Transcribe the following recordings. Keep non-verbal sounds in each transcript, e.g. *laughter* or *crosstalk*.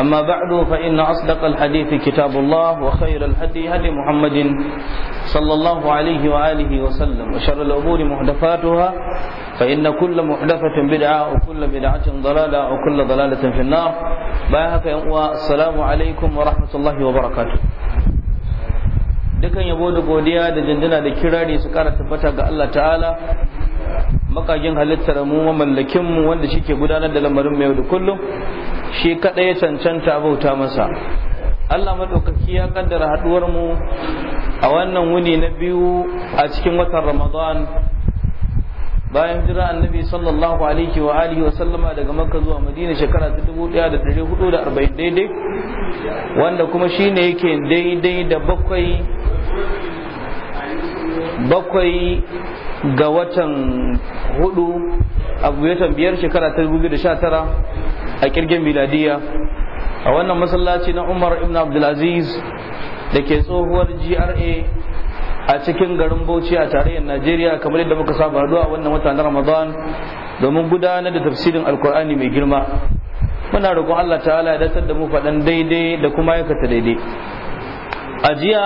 أما بعد فإن أصدق الحديث كتاب الله وخير الهدي هدي محمد صلى الله عليه وآله وسلم وشر الأمور محدثاتها فإن كل محدثة بدعة وكل بدعة ضلالة وكل ضلالة في النار باهك السلام عليكم ورحمة الله وبركاته dukan yabo da godiya da jinjina da kirari su kara tabbata ga Allah ta'ala makagin halittar mu mamallakin mu wanda shike gudanar da lamarin mai yau da kullum shi kaɗai ya cancanta bauta masa Allah maɗaukaki ya kaddara haɗuwar mu a wannan wuni na biyu a cikin watan Ramadan bayan jira annabi sallallahu alaihi wa alihi wa sallama daga makka zuwa madina shekara ta 1440 daidai wanda kuma shine yake daidai da bakwai bakwai ga watan hudu a ya biyar shekara ta tara. a kirgin miladiya a wannan masallaci na umar ibn abdulaziz da ke tsohuwar gra a cikin garin bauchi a tarayyar najeriya kamar yadda muka saba haduwa wannan wata na ramadan domin gudanar da tafsirin alkur'ani mai girma muna roƙon allah ta'ala ya datar da mu faɗan daidai da kuma aikata daidai a jiya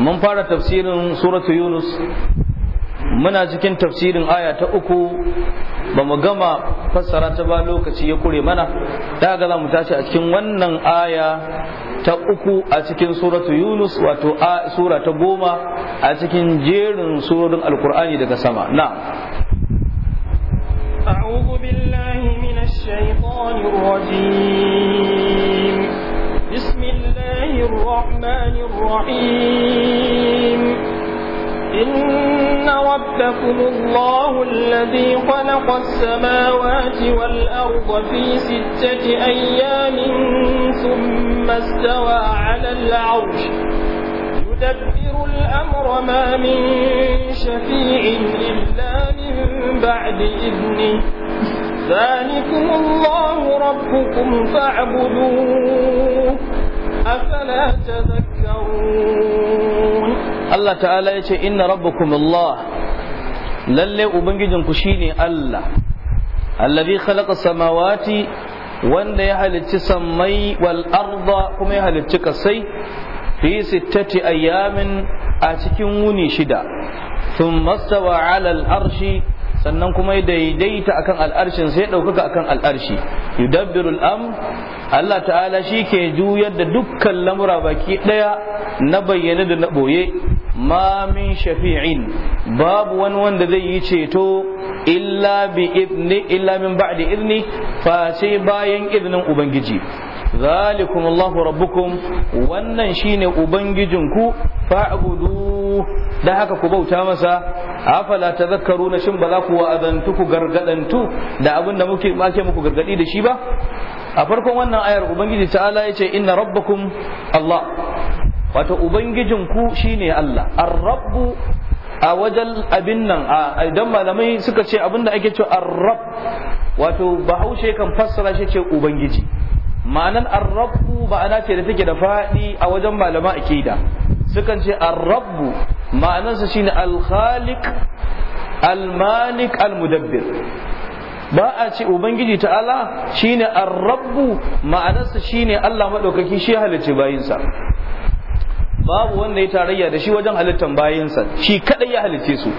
mun fara tafsirin suratu yunus muna cikin tafsirin aya ta uku ba mu gama fassara ta ba lokaci ya kure mana da ga za mu tashi a cikin wannan aya ta uku a cikin suratu yunus wato sura ta goma a cikin jerin surorin alkur'ani daga sama na بسم الله الرحمن الرحيم إن ربكم الله الذي خلق السماوات والأرض في ستة أيام ثم استوى على العرش يدبر الأمر ما من شفيع إلا من بعد إذنه ذلكم الله ربكم فاعبدوه أفلا تذكرون Allah ta'ala ya ce inna rabbakum Allah lalle ubangijinku shine Allah allazi khalaqa samawati wanda ya halicci sammai wal arda kuma ya halicci kasai fi sittati ayamin a cikin wuni shida thumma stawa ala al arshi sannan kuma ya daidaita akan al'arshin sai ya ɗaukaka akan al'arshi yudabbiru al'am Allah ta'ala shi ke juyar da dukkan lamura baki ɗaya na bayyane da na ɓoye ma min shafi'in babu wani wanda zai yi ceto illa bi idni illa min ba'di idni fa sai bayan idnin ubangiji zalikum Allahu rabbukum wannan shine ubangijin ku fa'budu da haka ku bauta masa afala tadhakkaruna shin ba za ku wa'azantu ku gargadantu da abin da muke ake muku gargadi da shi ba a farkon wannan ayar ubangiji ta'ala yace inna rabbakum Allah wato ubangijinku shine Allah ar-rabbu a wajen abin nan idan malamai suka ce abin da ake cewa ar wato bahaushe kan fassara shi ce ubangiji ma'anan ar-rabbu ma'ana ce da take da faɗi a wajen malama akida sukan ce ar-rabbu ma'anansa shine al-khaliq al-malik al-mudabbir ba a ce ubangiji ta'ala shine ar-rabbu ma'anarsa shine Allah madaukaki shi halicci bayinsa babu wanda ya tarayya da shi wajen halittan bayinsa shi kadai ya halitte su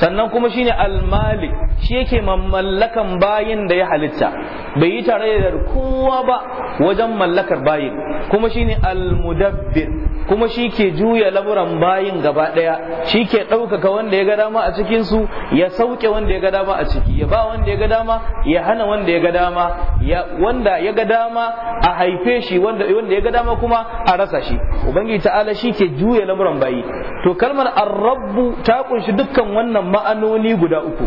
sannan kuma shine almalik shi yake mallakan bayin da ya halitta bai yi tarayya da kowa ba wajen mallakar bayin kuma shine almudabbir kuma shi ke juya lamuran bayin gaba ɗaya shi ke ɗaukaka wanda ya ga dama a cikinsu ya sauke wanda ya ga dama a ciki ya ba wanda ya ga dama ya hana wanda ya ga dama wanda ya ga dama a haife shi wanda ya ga dama kuma a rasa shi ubangiji ta'ala shi ke juya lamuran bayi to kalmar arrabbu ta kunshi dukkan wannan ma'anoni guda uku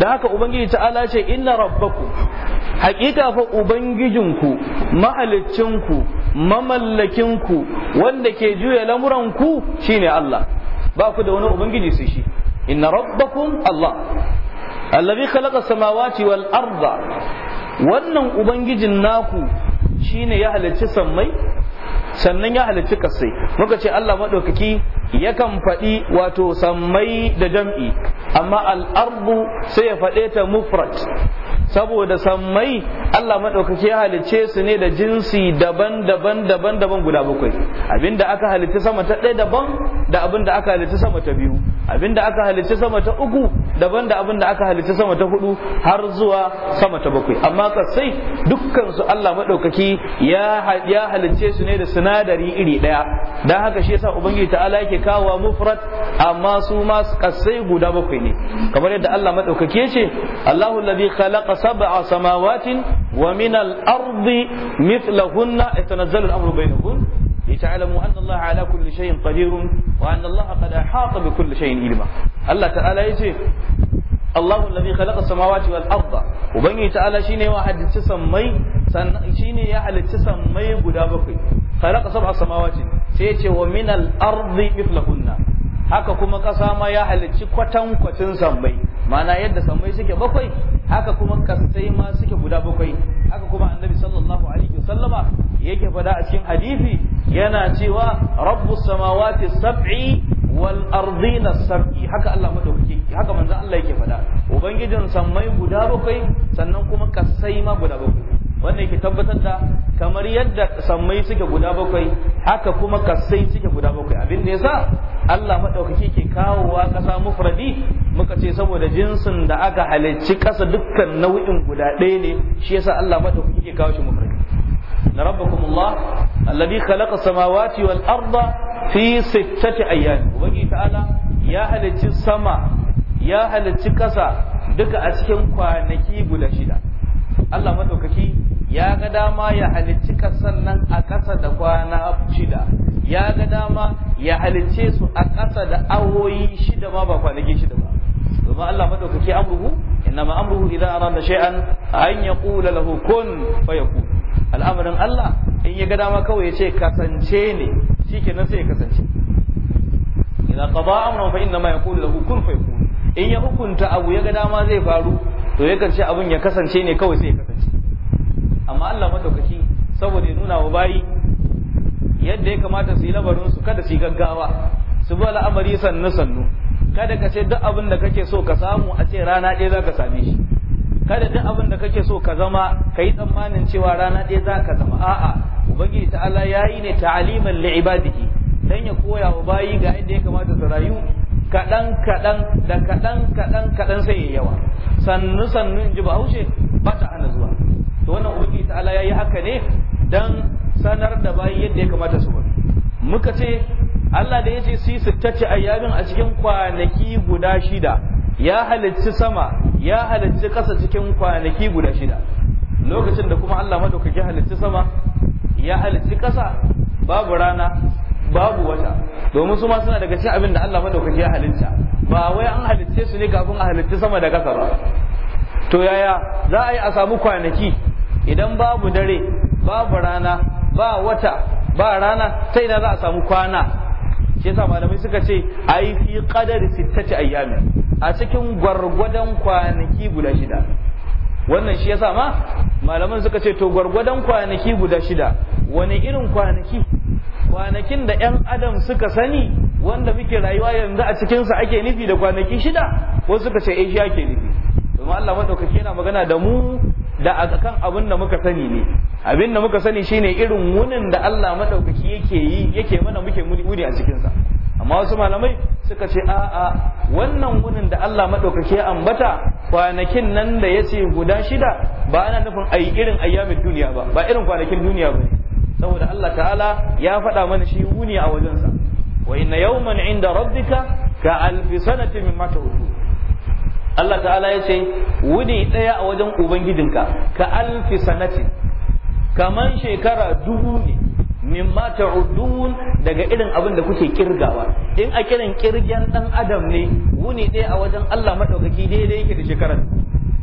da haka ubangiji ta'ala ce inna rabbakum hakika fa ubangijinku mahalicinku mamallakinku wanda ke juya lamuranku shine Allah ba ku da wani ubangiji sai shi inna rabbakum Allah allazi khalaqa samawati wal arda wannan ubangijin naku shine ya halicci sammai sannan ya halicci kasai muka ce Allah maɗaukaki yakan faɗi wato sammai da jam'i amma al'adu sai ya faɗe ta mufrat saboda san mai Allah maɗaukaki ya halicce su ne da jinsi daban-daban daban-daban guda bakwai abinda aka halitta sama ta ɗaya daban da abinda aka halitta sama ta biyu abinda aka halitta sama ta uku daban da abinda aka halitta sama ta hudu har zuwa sama ta bakwai amma kasai dukkan su Allah maɗaukaki ya halicce su ne da sinadari iri ɗaya dan haka shi yasa ubangiji ta'ala yake kawo mufrad amma su ma kasai guda bakwai ne kamar yadda Allah maɗaukaki ya ce Allahu alladhi khalaqa sab'a samawatin ومن الأرض مثلهن يتنزل الأمر بينهن لتعلموا أن الله على كل شيء قدير وأن الله قد أحاط بكل شيء علما الله تعالى يجي الله الذي خلق السماوات والأرض وبني تعالى شيني واحد تسمي شيني يحل تسمي قدابك خلق سبع سماوات سيتي ومن الأرض مثلهن haka kuma ƙasa ma ya halicci kwatan kwatin sammai mana yadda sammai suke bakwai haka kuma kasai ma suke guda bakwai haka kuma annabi sallallahu alaihi wasallama yake fada a cikin hadisi yana cewa rabbus samawati sab'i wal ardina sab'i haka Allah madauki haka manzo Allah yake fada ubangijin sammai guda bakwai sannan kuma kasai ma guda bakwai wannan yake tabbatar da kamar yadda sammai suke guda bakwai haka kuma kasai suke guda bakwai abin da yasa Allah madaukaki ke kawowa kasa mufradi muka ce saboda jinsin da aka halicci kasa dukkan nau'in guda ɗaya ne shi yasa Allah madaukaki ke kawo shi mufradi na rabbakumullah alladhi khalaqa samawati wal arda fi sittati ayyam ubangi ta'ala ya halicci sama ya halicci kasa duka a cikin kwanaki guda shida Allah madaukaki ya ga dama ya halicci kasan nan a ƙasa da kwana shida ya ga dama ya halicce su a ƙasa da awoyi shida ma ba kwanaki shida ba domin Allah madaukaki amruhu innama amruhu idan arada shay'an an yaqula lahu kun fayakun al'amarin Allah in ya ga dama kawai ya ce kasance ne shikenan sai ya kasance idan qada amran fa innama yaqulu lahu kun ku. in ya hukunta abu ya ga dama zai faru to ya ce abun ya kasance ne kawai sai amma Allah madaukaki saboda ya nuna wa bayi yadda ya kamata su yi labarin su kada su yi gaggawa su bi al'amari sannu sannu kada ka ce duk abin da kake so ka samu a ce rana ɗaya za ka same shi kada duk abin da kake so ka zama ka yi tsammanin cewa rana ɗaya za ka zama a'a ubangiji ta ya yi ne ta'aliman ibadihi dan ya koya wa bayi ga yadda ya kamata su rayu kaɗan kaɗan da kaɗan kaɗan kaɗan sai ya yawa sannu sannu in ji bahaushe ba ta hana zuwa to wannan ta ta'ala yayi haka ne dan sanar da bayi yadda ya kamata su bari muka ce Allah da ya ce su yi sittacce ayyamin a cikin kwanaki guda shida ya halicci sama ya halicci ƙasa cikin kwanaki guda shida lokacin da kuma Allah madaukaki halicci sama ya halicci ƙasa babu rana babu wata domin su ma suna daga cikin abin da Allah madaukaki ya halitta ba wai an halicce su ne kafin a halicci sama da ƙasa ba to yaya za a yi a samu kwanaki idan babu dare babu rana ba wata ba rana ta ina za a samu kwana shi yasa malamai suka ce ai fi qadari sittati ayyamin a cikin gwargwadon kwanaki guda shida wannan shi yasa ma malaman suka ce to gwargwadon kwanaki guda shida wani irin kwanaki kwanakin da 'yan adam suka sani wanda muke rayuwa yanzu a cikinsa ake nufi da kwanaki shida Ko suka ce eh shi ake nufi domin Allah madaukaki yana magana da mu da akan abin da muka sani ne abin da muka sani shine irin wunin da Allah madaukaki yake yi yake mana muke muni a cikin sa amma wasu malamai suka ce a'a wannan wunin da Allah madaukaki ya ambata kwanakin nan da yace guda shida ba ana nufin ai irin ayyamin duniya ba ba irin kwanakin duniya ba saboda Allah ta'ala ya faɗa mana shi wuni a wajensa wa inna yawman inda rabbika ka alfi sanatin mimma ta'udun Allah ta'ala ya ce wuni ɗaya a wajen ubangijinka ka alfi sanatin kaman shekara dubu ne mata ta'udun daga irin abin da kuke kirgawa in a kiran kirgen dan adam ne wuni ɗaya a wajen Allah madaukaki daidai yake da shekaran.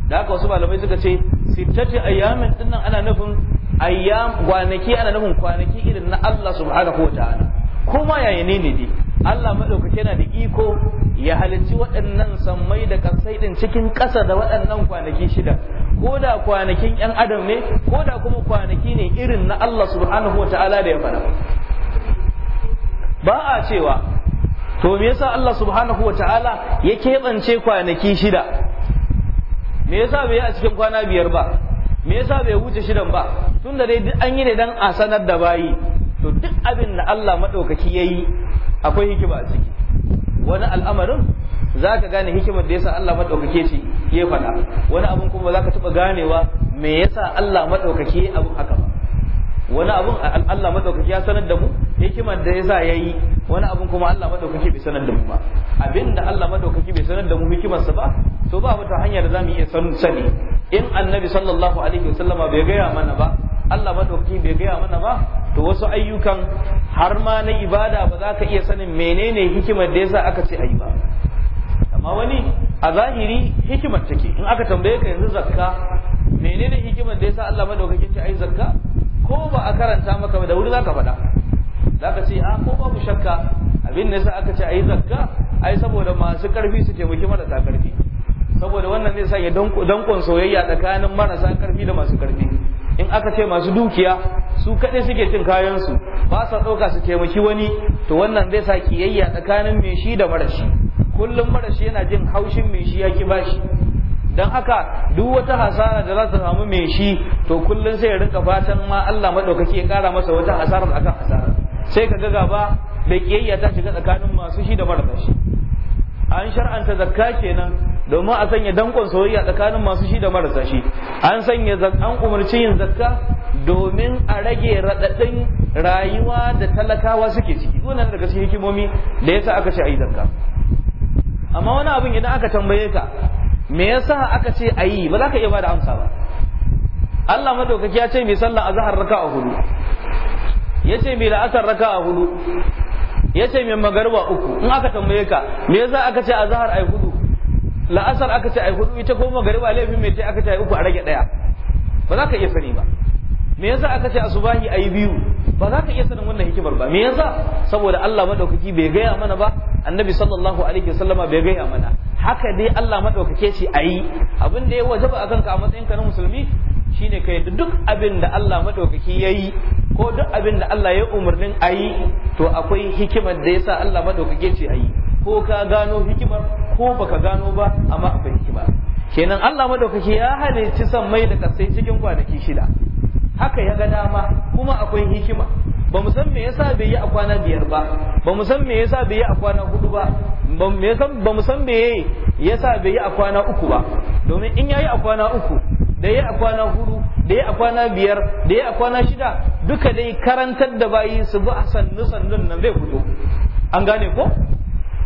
da haka wasu malamai suka ce sittati ayyamin nan ana nufin ayyam kwanaki ana nufin kwanaki irin na Allah subhanahu wa ta'ala kuma yayin ne ne Allah maɗaukaki yana da iko ya halici waɗannan sammai da kansai ɗin cikin ƙasa da waɗannan kwanaki shida ko da kwanakin ‘yan adam ne ko da kuma kwanaki ne irin na Allah subhanahu wa ta'ala da ya faɗa ba a cewa to me yasa Allah subhanahu wa ta'ala ya keɓance kwanaki shida me yasa bai yi a cikin kwana biyar ba me yasa bai wuce shidan ba Tunda da dai an yi ne dan a sanar da bayi to duk abin da Allah maɗaukaki ya yi akwai hikima a ciki wani al'amarin za ka gane hikimar da yasa Allah maɗaukake ce ya faɗa wani abun kuma za ka taɓa ganewa me yasa Allah maɗaukake abu haka ba wani abun Allah maɗaukake ya sanar da mu hikimar da yasa ya yi wani abun kuma Allah maɗaukake bai sanar da mu ba abinda Allah maɗaukake bai sanar da mu hikimarsa ba to ba wata hanyar da za mu iya sani in annabi sallallahu alaihi wa wasallama bai gaya mana ba Allah maɗaukake bai gaya mana ba to wasu ayyukan har ma na ibada ba za ka iya sanin menene hikimar da yasa aka ce ayi ba amma wani a zahiri hikimar take in aka tambaye ka yanzu zakka menene hikimar da yasa Allah madaukakin ce ayi zakka ko ba a karanta maka ba da wuri zaka faɗa zaka ce a ah, ko babu shakka abin da yasa aka ce ayi zakka ai saboda masu karfi su taimaki marasa karfi saboda wannan zai sa ya dankon soyayya tsakanin marasa karfi da masu karfi in aka ce masu dukiya su kaɗai suke cin kayansu ba sa ɗauka su taimaki wani to wannan zai sa kiyayya tsakanin mai shi da marashi kullum marashi yana jin haushin mai shi ya ki ba shi don haka duk wata hasara da za ta samu mai shi to kullum sai ya rinka fatan ma Allah maɗaukaki ya ƙara masa wata hasara akan hasara sai ka ga gaba bai kiyayya ta shiga tsakanin masu shi da mara shi. an shar'anta zakka kenan domin a sanya dankon soyayya tsakanin masu shi da marasa shi an sanya an umarci yin zakka domin a rage raɗaɗin rayuwa da talakawa suke ciki wannan daga cikin hikimomi da yasa aka ce ayi zakka amma wani abin idan aka tambaye ka me yasa aka ce ayi ba za ka iya bada amsa ba Allah madaukaki ya ce mai sallah azhar raka'a hudu yace mai la'asar raka'a hudu ya ce mai magarba uku in aka tambaye ka me yasa aka ce azhar ai hudu la'asar aka ce ai hudu ita ko magarba laifin mai ce aka ce ai uku a rage daya ba za ka iya sani ba me yasa aka ce asubahi ai biyu ba za ka iya sanin wannan hikimar ba me yasa saboda Allah madaukaki bai gaya mana ba annabi sallallahu alaihi wasallama bai gaya mana haka dai Allah madaukake shi ayi abin da ya wajaba akan ka a matsayin ka na musulmi shine ka yadda duk abin da Allah madaukaki yayi ko duk abin da Allah ya umarnin a yi to akwai hikimar da yasa Allah madaukake ce a yi ko ka gano hikimar ko baka gano ba amma akwai hikima kenan Allah madaukake ya halicci mai da kasai cikin kwanaki shida haka ya ga dama kuma akwai hikima ba mu san me yasa bai yi a kwana biyar ba ba mu san me yasa bai yi a kwana hudu ba ba mu san me yasa bai yi a kwana uku ba domin in yayi a kwana uku da ya a kwana hudu da ya a kwana biyar da ya a kwana shida duka dai karantar da bayi su bi a sannu sannun nan zai fito an gane ko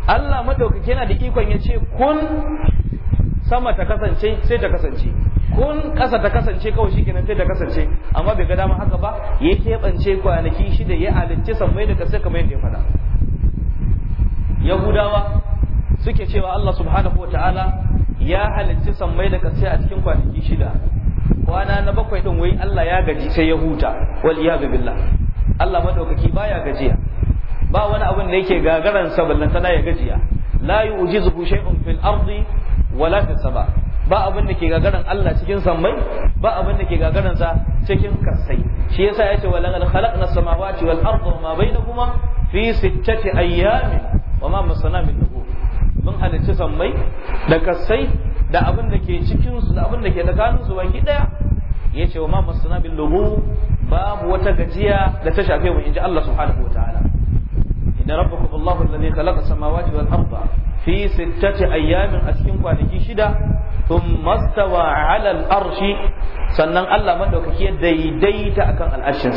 Allah madaukake yana da ikon ya ce kun sama ta kasance sai ta kasance kun kasa ta kasance kawai kenan sai ta kasance amma bai ga dama haka ba ya keɓance kwanaki shida ya halicci sammai da kasai kamar yadda ya faɗa Yahudawa suke cewa Allah subhanahu wa ta'ala ya halicci sammai da kasai a cikin kwanaki shida kwana na bakwai din wai Allah ya gaji sai ya huta wal iyadu billah Allah madaukaki baya gajiya ba wani abin da yake gagaran sa ballantana ya gajiya la yu'jizuhu shay'un fil ardi wala fis sama ba abin da ke gagaran Allah cikin sammai ba abin da ke gagaran sa cikin kasai shi yasa yace wala qad khalaqna samawati wal arda wa ma bainahuma fi sittati ayyamin wa ma masana min nubuwwah mun halicci sammai da kasai da abin da ke cikinsu da abin da ke tsakaninsu baki ɗaya. ya ce wa ma masana bin lugu babu wata gajiya da ta shafe mu inji Allah subhanahu wa ta'ala inna rabbakum Allahu alladhi khalaqa samawati wal arda fi sittati ayyamin a cikin kwanaki shida thumma stawa 'ala al arshi sannan Allah madaukaki ya daidaita akan al'arshin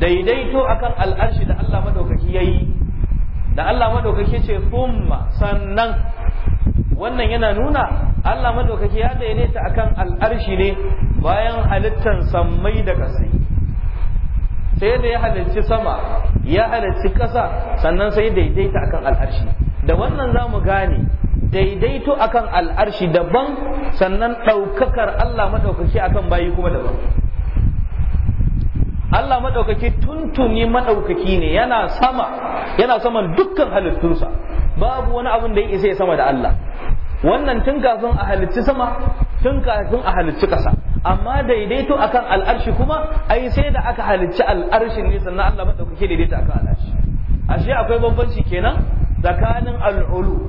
daidaito akan al'arshi da Allah madaukaki yayi da Allah madaukake ce kuma sannan wannan yana nuna Allah madaukake ya daidaita akan al'arshi ne bayan halittan sammai da ƙasai sai da ya halarci sama ya halarci ƙasa sannan sai daidaita akan al'arshi da wannan za mu gane daidaito akan al'arshi daban sannan ɗaukakar Allah maɗaukaki akan bayi kuma daban Allah maɗaukaki tuntuni madaukaki ne yana sama yana saman dukkan halittunsa babu wani abin da ya isa ya sama da Allah wannan tun kafin a halicci sama tun kafin a halicci ƙasa amma daidaito akan al'arshi kuma ai sai da aka halicci al'arshi ne sannan Allah madaukaki daidaito akan al'arshi ashe akwai bambanci kenan tsakanin al'ulu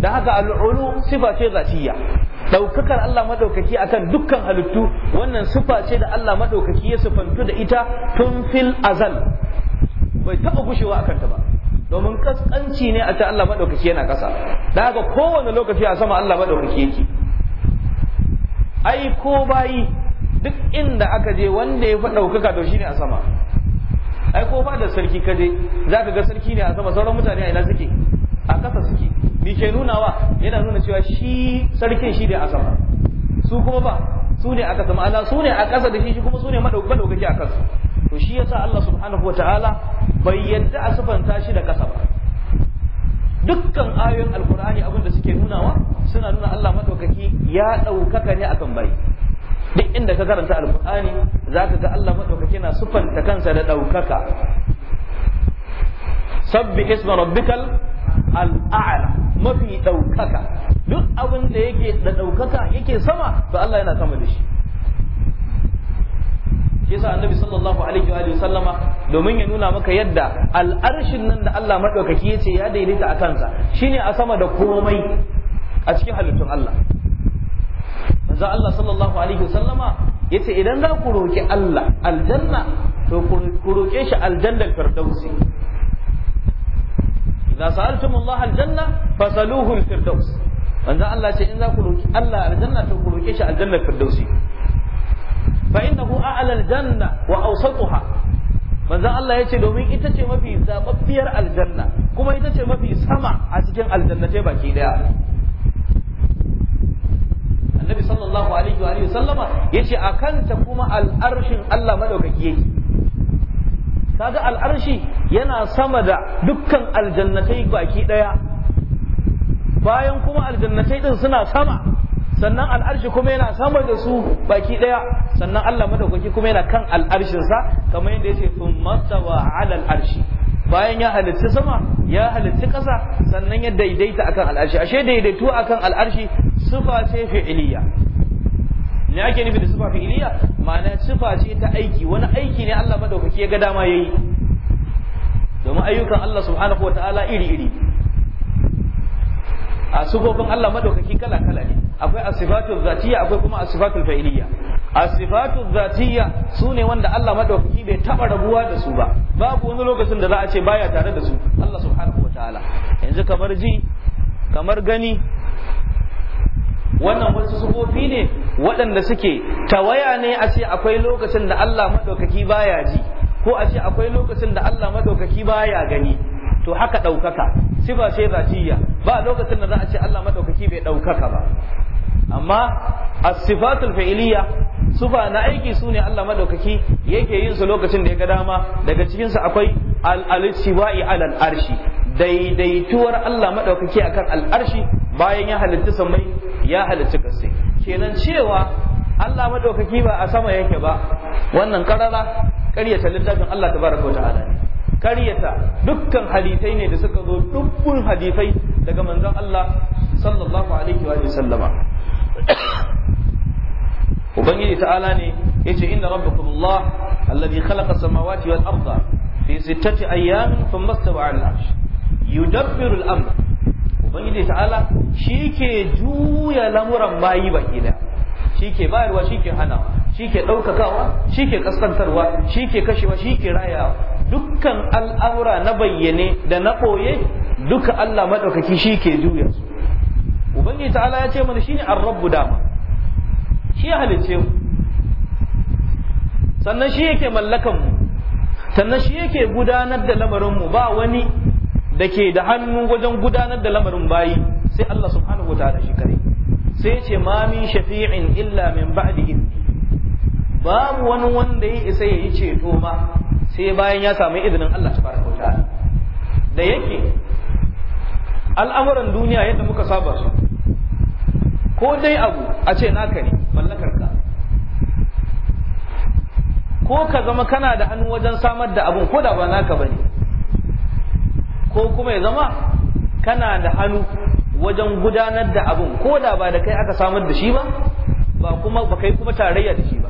da haka al'ulu sifa ce zatiyya ɗaukakar Allah maɗaukaki akan dukkan halittu wannan sufa ce da Allah maɗaukaki ya sufantu da ita tun fil azal bai taɓa gushewa akan ta ba domin kaskanci ne a ta Allah maɗaukaki yana ƙasa da haka kowane lokaci a sama Allah maɗaukaki yake ai ko bayi duk inda aka je wanda ya fi ɗaukaka to shine a sama ai ko ba da sarki kaje zaka ga sarki ne a sama sauran mutane a ina suke a kasa suke me ke nunawa yana nuna cewa shi sarkin shi ne a sama su kuma ba su ne a kasa ma'ana su ne a kasa da shi shi kuma su ne madaukaki a kansu to shi yasa Allah subhanahu wataala bai yadda a sufanta shi da kasa ba dukkan ayoyin alkur'ani abin da suke nunawa suna nuna Allah maɗaukaki ya ɗaukaka ne kan bai duk inda ka karanta alkur'ani ka ga Allah maɗaukaki na sufanta kansa da ɗaukaka sabbi isma rabbikal al'ala mafi ɗaukaka duk abin da yake da ɗaukaka yake sama to Allah yana sama da shi yasa annabi sallallahu alaihi wa sallama domin ya nuna maka yadda al'arshin nan da Allah ya yace ya daidaita a kansa shine a sama da komai a cikin halittun Allah manzo Allah sallallahu alaihi wa sallama yace idan za ku roki Allah aljanna to ku roke shi aljannar firdausi idza sa'altumullah aljanna fasaluhu alfirdaus manzo Allah ce in za ku roki Allah aljanna to ku roke shi aljanna firdausi fa innahu a'la aljanna wa awsatuha manzo Allah yace domin ita ce mafi zababbiyar aljanna kuma ita ce mafi sama a cikin aljannatai baki daya annabi sallallahu alaihi wa alihi sallama yace a kanta kuma al'arshin Allah madaukaki kaga al'arshi yana sama da dukkan aljannatai baki ɗaya bayan kuma aljannatai suna sama sannan al'arshi kuma yana sama da su baki ɗaya sannan Allah madaukaki kuma yana kan al'arshinsa kamar yadda yace thumma tawa 'ala al'arshi bayan ya halitta sama ya halitta ƙasa sannan ya daidaita akan al'arshi ashe daidaitu akan al'arshi sufa ce fi'iliya me ake nufi da sifa fi'iliya ma'ana sifa ce ta aiki wani aiki ne Allah madaukaki ya ga dama yayi domin ayyukan Allah subhanahu wataala iri iri a sifofin Allah madaukaki kala kala ne akwai asifatul zatiyya akwai kuma asifatul fa'iliyya asifatul su ne wanda Allah madaukaki bai taba rabuwa da su ba babu wani lokacin da za a ce baya tare da su Allah subhanahu wataala yanzu kamar ji kamar gani wannan wasu sifofi ne waɗanda suke tawaya ne a ce akwai lokacin da Allah madaukaki baya ji ko a ce akwai lokacin da Allah madaukaki baya gani to haka ɗaukaka sifa ba zatiya ba lokacin da za a ce Allah madaukaki bai ɗaukaka ba amma as-sifatul fa'iliya sufa na aiki su ne Allah madaukaki yake yin su lokacin da ya ga dama daga cikin su akwai al-istiwa'i alal arshi daidaituwar Allah madaukaki akan al-arshi bayan ya halitta samai ya halitta kasi kenan cewa Allah madaukaki ba a sama yake ba wannan karara karyata littafin Allah tabaraka ta'ala ne karyata dukkan hadisai ne da suka zo dubbun hadisai daga manzon Allah sallallahu alaihi wa sallama ubangiji ta'ala ne yace inna rabbakum Allah alladhi khalaqa samawati wal arda fi sittati ayyamin thumma istawa 'ala al-'arsh yudabbiru al-amr ubangiji ta'ala shi ke juya lamuran bayi baki da shi ke bayarwa shi ke hanawa shi ke ɗaukakawa shi ke ƙasƙantarwa shi ke kashewa shi ke rayawa dukkan al'amura na bayyane da na ɓoye duka Allah maɗaukaki shi ke juya su ubangiji ta'ala ya ce mana shine ar-rabbu dama shi ya halicce mu sannan shi yake mallakan mu sannan shi yake gudanar da lamarin mu ba wani da ke da hannu wajen gudanar da lamarin bayi sai Allah subhanahu wa ta'ala shi kare sai ce ma min shafi'in illa min ba'di babu wani wanda ya isa yayi yi ceto ma sai bayan ya samu izinin Allah subhanahu wa ta'ala da yake al'amuran duniya yadda muka saba su ko dai abu a ce naka ne mallakar ka ko ka zama kana da hannu wajen samar da abun ko da ba naka bane ko kuma ya zama kana da hannu wajen gudanar da abin ko da ba da kai aka samar da shi ba ba kuma ba kai kuma tarayya da shi ba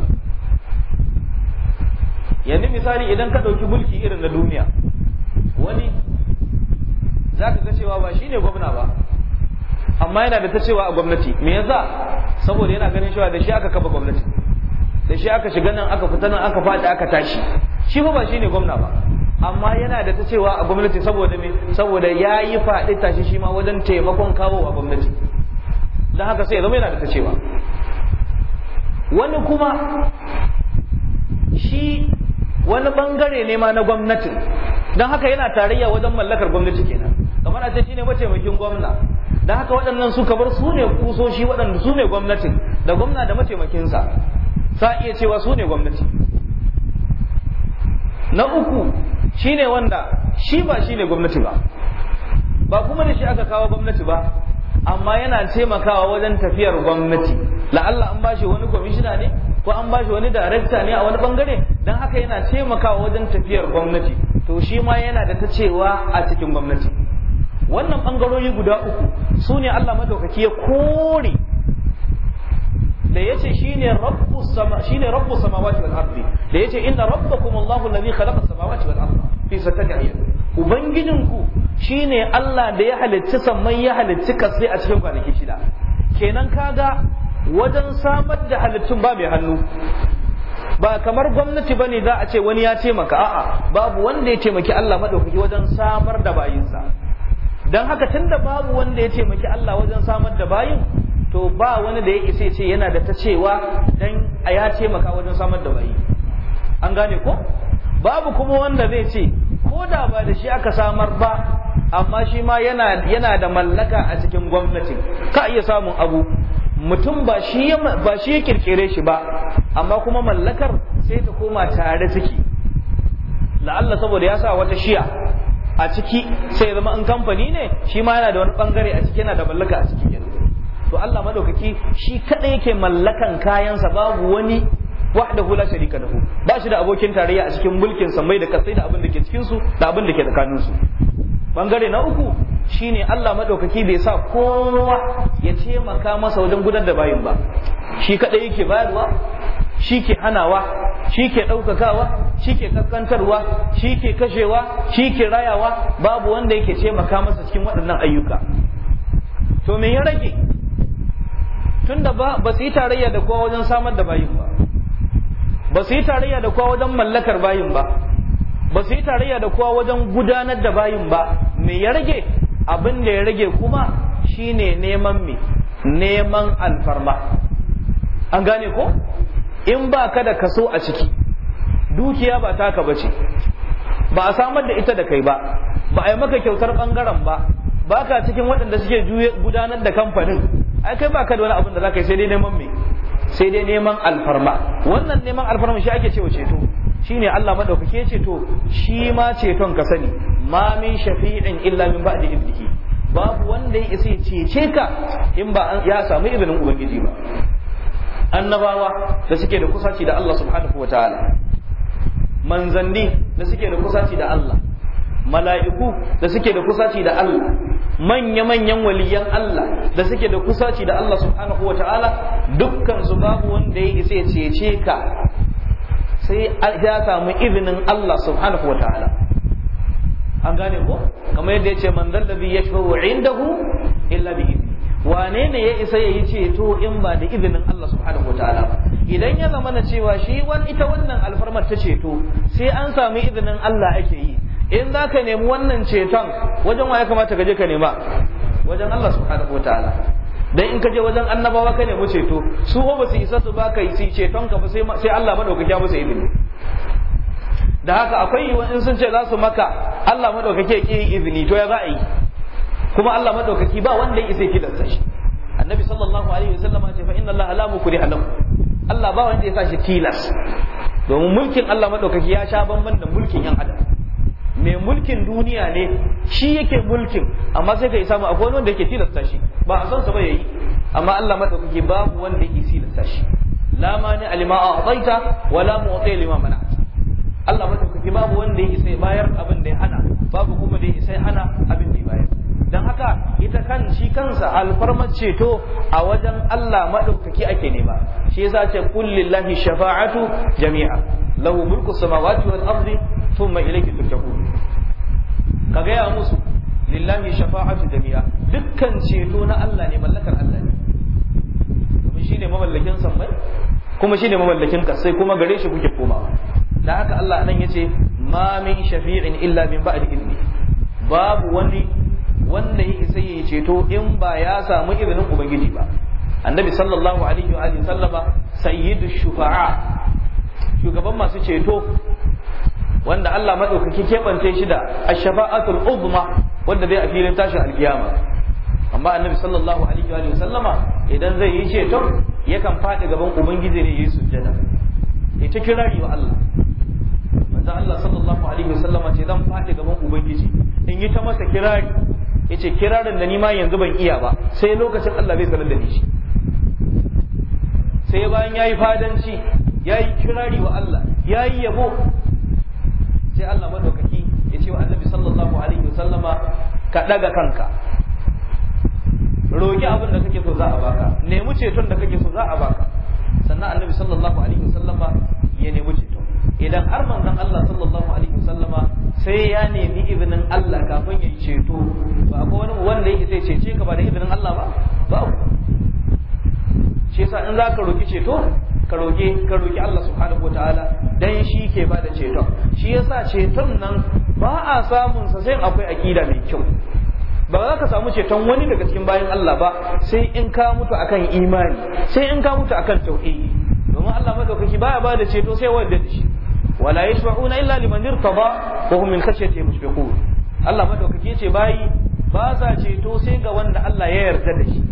yanzu misali idan ka ɗauki mulki irin na duniya wani za ka ga cewa ba shi ne gwamna ba amma yana da ta cewa a gwamnati me yasa saboda yana ganin cewa da shi aka kafa gwamnati da shi aka shiga nan aka fita nan aka faɗi aka tashi shi fa ba ne gwamna ba amma yana da ta cewa a gwamnati saboda me saboda ya yi faɗi tashi shi ma wajen taimakon kawo a gwamnati don haka sai zama yana da ta cewa wani kuma shi wani bangare ne ma na gwamnati don haka yana tarayya wajen mallakar gwamnati kenan kamar a ce shi ne mataimakin gwamna don haka waɗannan suka bar su ne kusoshi waɗanda su ne gwamnatin da gwamna da mataimakinsa sa iya cewa su ne gwamnati na uku shine wanda shi ba shi ne gwamnati ba ba kuma da shi aka kawo gwamnati ba amma yana taimakawa wajen tafiyar gwamnati la'alla an bashi wani kwamishina ne ko an bashi wani darekta ne a wani bangare don haka yana taimakawa wajen tafiyar gwamnati to shi ma yana da ta cewa a cikin gwamnati wannan bangarori guda uku su ne Allah madaukaki ya kore da ya ce shi ne rabbu samawati wal ardi da ya ce inna rabbakum Allahu alladhi khalaqa samawati wal ardi fi satakahiyya ubangijinku shine Allah da ya halicci samman ya halicci kasai a cikin kwanaki shida kenan kaga wajen samar da halittun ba mai hannu ba kamar gwamnati ba ne za a ce wani ya taimaka a'a babu wanda ya taimaki Allah madaukaki wajen samar da bayinsa dan haka tunda babu wanda ya taimaki Allah wajen samar da bayin to ba wani da ya isa ce yana da ta cewa dan a ya taimaka wajen samar da bayi an gane ko babu kuma wanda zai ce ko da ba da shi aka samar ba amma shi ma yana da mallaka a cikin gwamnati ka iya samun abu mutum ba shi ya kirkire shi ba amma kuma mallakar sai ta koma tare ciki la'alla saboda ya sa wata shiya a ciki sai zama in kamfani ne shi ma yana da wani bangare a ciki yana da mallaka a ciki to Allah madaukaki shi kadai yake mallakan kayansa babu wani wahdahu la sharika lahu ba shi da abokin tarayya a cikin mulkin samai da kasai da abin da ke cikin su da abin da ke tsakanin su bangare na uku shine Allah madaukaki bai sa kowa ya taimaka masa wajen gudanar da bayin ba shi kadai yake bayarwa shi ke hanawa shi ke ɗaukakawa shi ke kaskantarwa shi ke kashewa shi ke rayawa babu wanda yake taimaka masa cikin waɗannan ayyuka to me ya rage tunda ba ba su yi tarayya da kowa wajen samar da bayin ba ba su yi tarayya da kowa wajen mallakar bayin ba ba su yi tarayya da kowa wajen gudanar da bayin ba me ya rage abin da ya rage kuma shine neman me neman alfarma an gane ko in ba ka da kaso a ciki dukiya ba taka bace ba a samar da ita da kai ba ba a yi maka kyautar bangaren ba ba ka cikin waɗanda suke gudanar da kamfanin ai kai ba ka da wani abin da za ka yi sai dai neman me sai dai neman alfarma wannan neman alfarma shi ake cewa ceto shine Allah madaukake ceto shi ma ceton ka sani ma min shafi'in illa min ba'di ibnihi babu wanda ya isa cece ka in ba ya samu izinin ubangiji ba annabawa da suke da kusaci da Allah subhanahu wataala manzanni da suke da kusaci da Allah mala'iku da suke da kusaci da Allah manya-manyan waliyan Allah da suke da kusaci da Allah subhanahu ta’ala dukkan su babu wanda ya isa ya cece ka sai ya samu izinin Allah subhanahu ta’ala an gane ko kamar yadda ya ce man zallabi ya shawo indahu illa bi izini wane ne ya isa ya yi ceto in ba da izinin Allah subhanahu wa ta’ala idan ya zama na cewa shi wani ita wannan alfarmar ta ceto sai an sami izinin Allah ake yi in za ka nemi wannan ceton wajen wa ya kamata ka je ka nema wajen Allah subhanahu wataala dan in ka je wajen annabawa ka nemi ceto su ko ba su isa su ba yi su ceton ka ba sai sai Allah madaukaki ya musu izini da haka akwai yiwuwa in sun ce za su maka Allah madaukaki ya ki izini to ya za a yi kuma Allah madaukaki ba wanda ya isa kidansa shi annabi sallallahu alaihi wasallam ce fa inna Allah la kuri halam Allah ba wanda ya sa shi tilas domin mulkin Allah madaukaki ya sha bamban da mulkin yan adam mai mulkin duniya ne shi yake mulkin amma sai ka samu akwai wanda yake tilasta shi ba a son sa ba yayi amma Allah madaukaki babu wanda yake tilasta shi la mani alima a'taita wala mu'ti lima mana Allah madaukaki babu wanda yake sai bayar abin da ya hana babu kuma da yake sai hana abin da ya bayar dan haka ita kan shi kansa alfarmar ceto a wajen Allah madaukaki ake nema shi yasa ce kullillahi shafa'atu jami'a lahu mulku samawati wal ardi thumma ilayhi turja'un ka gaya musu lillahi shafa'atu jami'a dukkan ceto na Allah ne mallakar Allah ne kuma shine mamallakin sammai kuma shine mamallakin kasai kuma gare shi kuke komawa da haka Allah nan yace ma min shafi'in illa min ba'di ilmi. babu wani wanda yake sai ya ceto in ba ya samu izinin ubangiji ba annabi sallallahu alaihi wa sallama sayyidu shufa'a shugaban masu ceto wanda Allah madaukaki keɓance shi da ash-shafa'atul uzma wanda zai a filin tashin alkiyama amma annabi sallallahu alaihi wa sallama idan zai yi ceto yakan faɗi gaban ubangiji ne yayi sujjada ya ta kirari wa Allah manzo Allah sallallahu alaihi wa sallama ce zan faɗi gaban ubangiji in yi ta masa kirari yace kirarin da ni ma yanzu ban iya ba sai lokacin Allah zai sanar da ni shi sai bayan ya yi fadanci ya yi kirari wa Allah ya yi yabo sai Allah madaukaki ya ce wa annabi sallallahu alaihi wasallama ka daga kanka roki abin da kake so za a baka nemi ceton da kake so za a baka sannan annabi sallallahu alaihi wasallama ya nemi ceto idan har manzon Allah sallallahu alaihi wasallama sai ya nemi izinin Allah kafin ya ceto ba akwai wani wanda yake zai cece ka ba da izinin Allah ba ba shi sa in zaka roki ceto ka roƙe ka roƙi Allah subhanahu wataala dan shi ke bada ceton shi yasa ceton nan ba a samun sa sai akwai akida mai kyau ba za ka samu ceton wani daga cikin bayan Allah ba sai in ka mutu akan imani sai in ka mutu akan tauhidi domin Allah madaukaki baya bada ceto sai wanda shi wala yashfa'una illa liman irtada wa hum min khashyati mushfiqun Allah madaukaki ce bayi ba sa ceto sai ga wanda Allah ya yarda da shi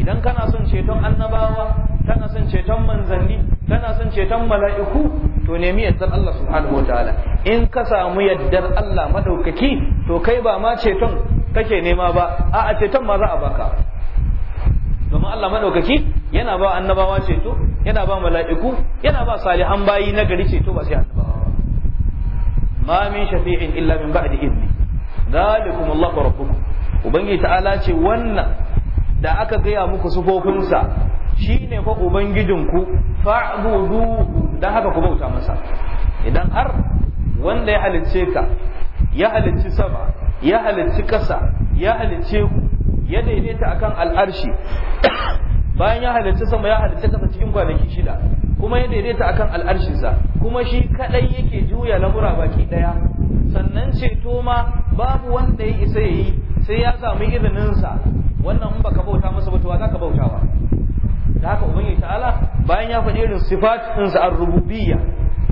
idan kana son ceton annabawa Tana son ceton manzanni tana son ceton mala'iku to nemi yaddar Allah subhanahu wataala in ka samu yaddar Allah madaukaki to kai ba ma ceton kake nema ba a a ceton ma za a baka domin Allah madaukaki yana ba annabawa ceto yana ba mala'iku yana ba salihan bayi na gari ceto ba sai annabawa ma min shafi'in illa min ba'di idni dalikum Allahu rabbukum ubangi ta'ala ce wannan da aka gaya muku sufofinsa Shi ne fa ubangijinku fa'budu don haka ku bauta masa idan har wanda ya halicce ka ya halicci sama ya halicci ƙasa ya halicce ku ya daidaita akan al'arshi *coughs* bayan ya halicci sama ya halicci ƙasa cikin kwanaki shida kuma ya daidaita akan al'arshinsa kuma shi kaɗai yake juya lamura baki ɗaya sannan ceto ma babu wanda ya isa yayi sai ya samu izininsa wannan in baka bauta masa ba to za ka bautawa da haka ubangiji ta'ala bayan ya faɗi irin sifatinsa a rububiyya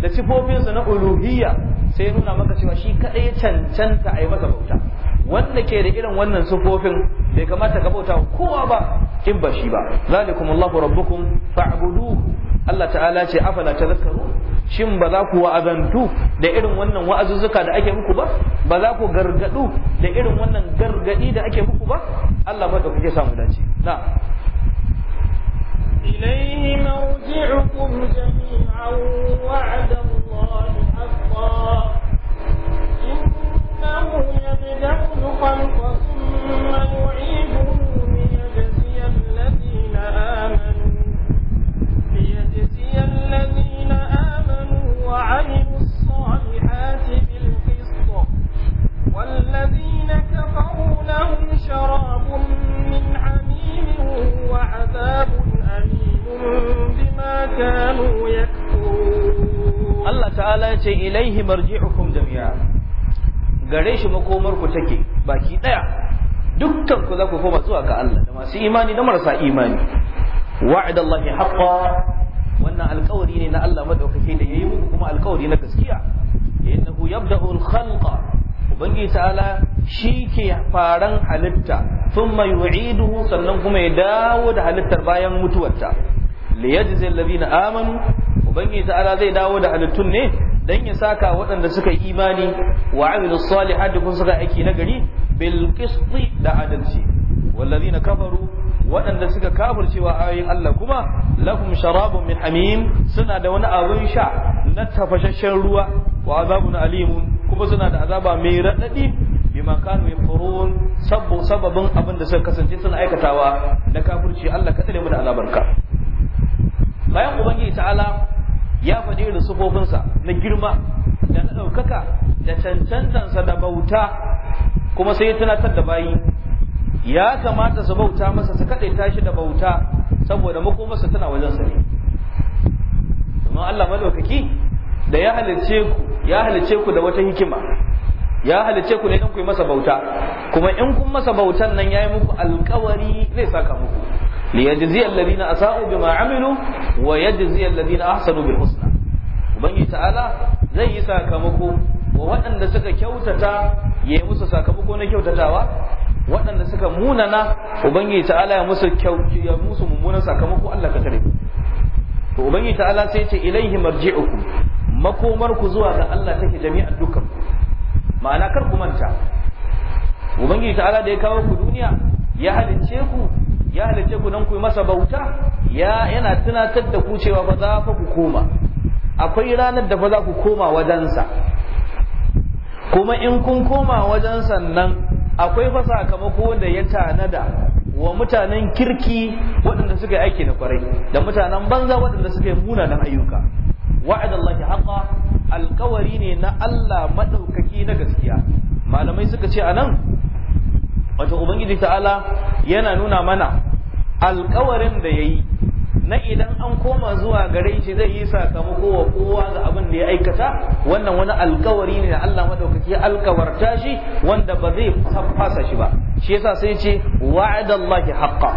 da sifofinsa na uluhiyya sai nuna maka cewa shi kaɗai cancanta a yi masa bauta wanda ke da irin wannan sifofin bai kamata ka bauta kowa ba in ba shi ba zalikum allahu rabbukum fa'budu Allah ta'ala ce afala zakaru shin ba za ku wa'azantu da irin wannan wa'azuzzuka da ake muku ba ba za ku gargadu da irin wannan gargadi da ake muku ba Allah ba da kuke samu dace na'am إليه مرجعكم جميعا وعد الله حقا إنه يبدأ الخلق ثم بما كانوا ya الله تعالى يتي إليه gare shi makomarku take baki ɗaya dukkan ku za ku koma zuwa ga Allah da masu imani da marasa imani wa'adallahi haqqan wannan alkawari ne na Allah madaukake da yayi muku kuma alkawari na gaskiya innahu yabda'u al-khalqa ubangiji ta'ala shi ke faran halitta thumma yu'iduhu sannan kuma ya dawo da halittar bayan mutuwarta liyajzi allazina amanu ubangiji ta'ala zai dawo da halittun ne dan ya saka waɗanda suka yi imani wa amilu salihati kun suka aiki nagari bil qisti da adalci wallazina kafaru waɗanda suka kafircewa ayoyin Allah kuma lahum sharabun min amin suna da wani abin sha na tafashashen ruwa wa azabun alimun kuma suna da azaba mai raɗaɗi bima kanu yafurun sabbu sababin abin da suka kasance suna aikatawa na kafirci Allah ka tsare mu da azabarka bayan ubangiji ta'ala ya faɗi irin sufofinsa na girma da na ɗaukaka da cancantansa da bauta kuma sai ya tunatar da bayi ya kamata su bauta masa su kaɗe tashi da bauta saboda makomarsa tana wajen sa ne kuma Allah madaukaki da ya halice ku ya halice ku da wata hikima ya halice ku ne don ku yi masa bauta kuma in kun masa bautan nan yayi muku alkawari zai saka muku liyajziya alladhina asa'u bima amilu wa yajziya alladhina ahsanu bil husna ubangi ta'ala zai yi sakamako wa waɗanda suka kyautata ya yi musu sakamako na kyautatawa waɗanda suka munana ubangi ta'ala ya musu mummunan sakamako Allah ka tare to ubangi ta'ala sai ya ce ilaihi marji'ukum makomar ku zuwa ga Allah take jami'a dukkan ma'ana kar ku manta ubangi da ya kawo ku duniya ya halince ku ya halice ku nan ku masa bauta ya yana tunatar da ku cewa ba za fa ku koma akwai ranar da fa za ku koma wajensa kuma in kun koma wajensa nan, akwai fa sakamako da ya tanada wa mutanen kirki waɗanda suka aiki na kwarai da mutanen banza waɗanda suka yi munanan ayyuka wa'adallahi haqa alkawari ne na Allah madaukaki na gaskiya malamai suka ce a nan wato ubangiji ta'ala yana nuna mana alkawarin da ya yi na idan an koma zuwa gare shi zai yi sakamako wa kowa ga abin da ya aikata wannan wani alkawari ne da Allah madaukaki ya alkawarta shi wanda ba zai fasa shi ba shi yasa sai ce wa'adallahi haqqan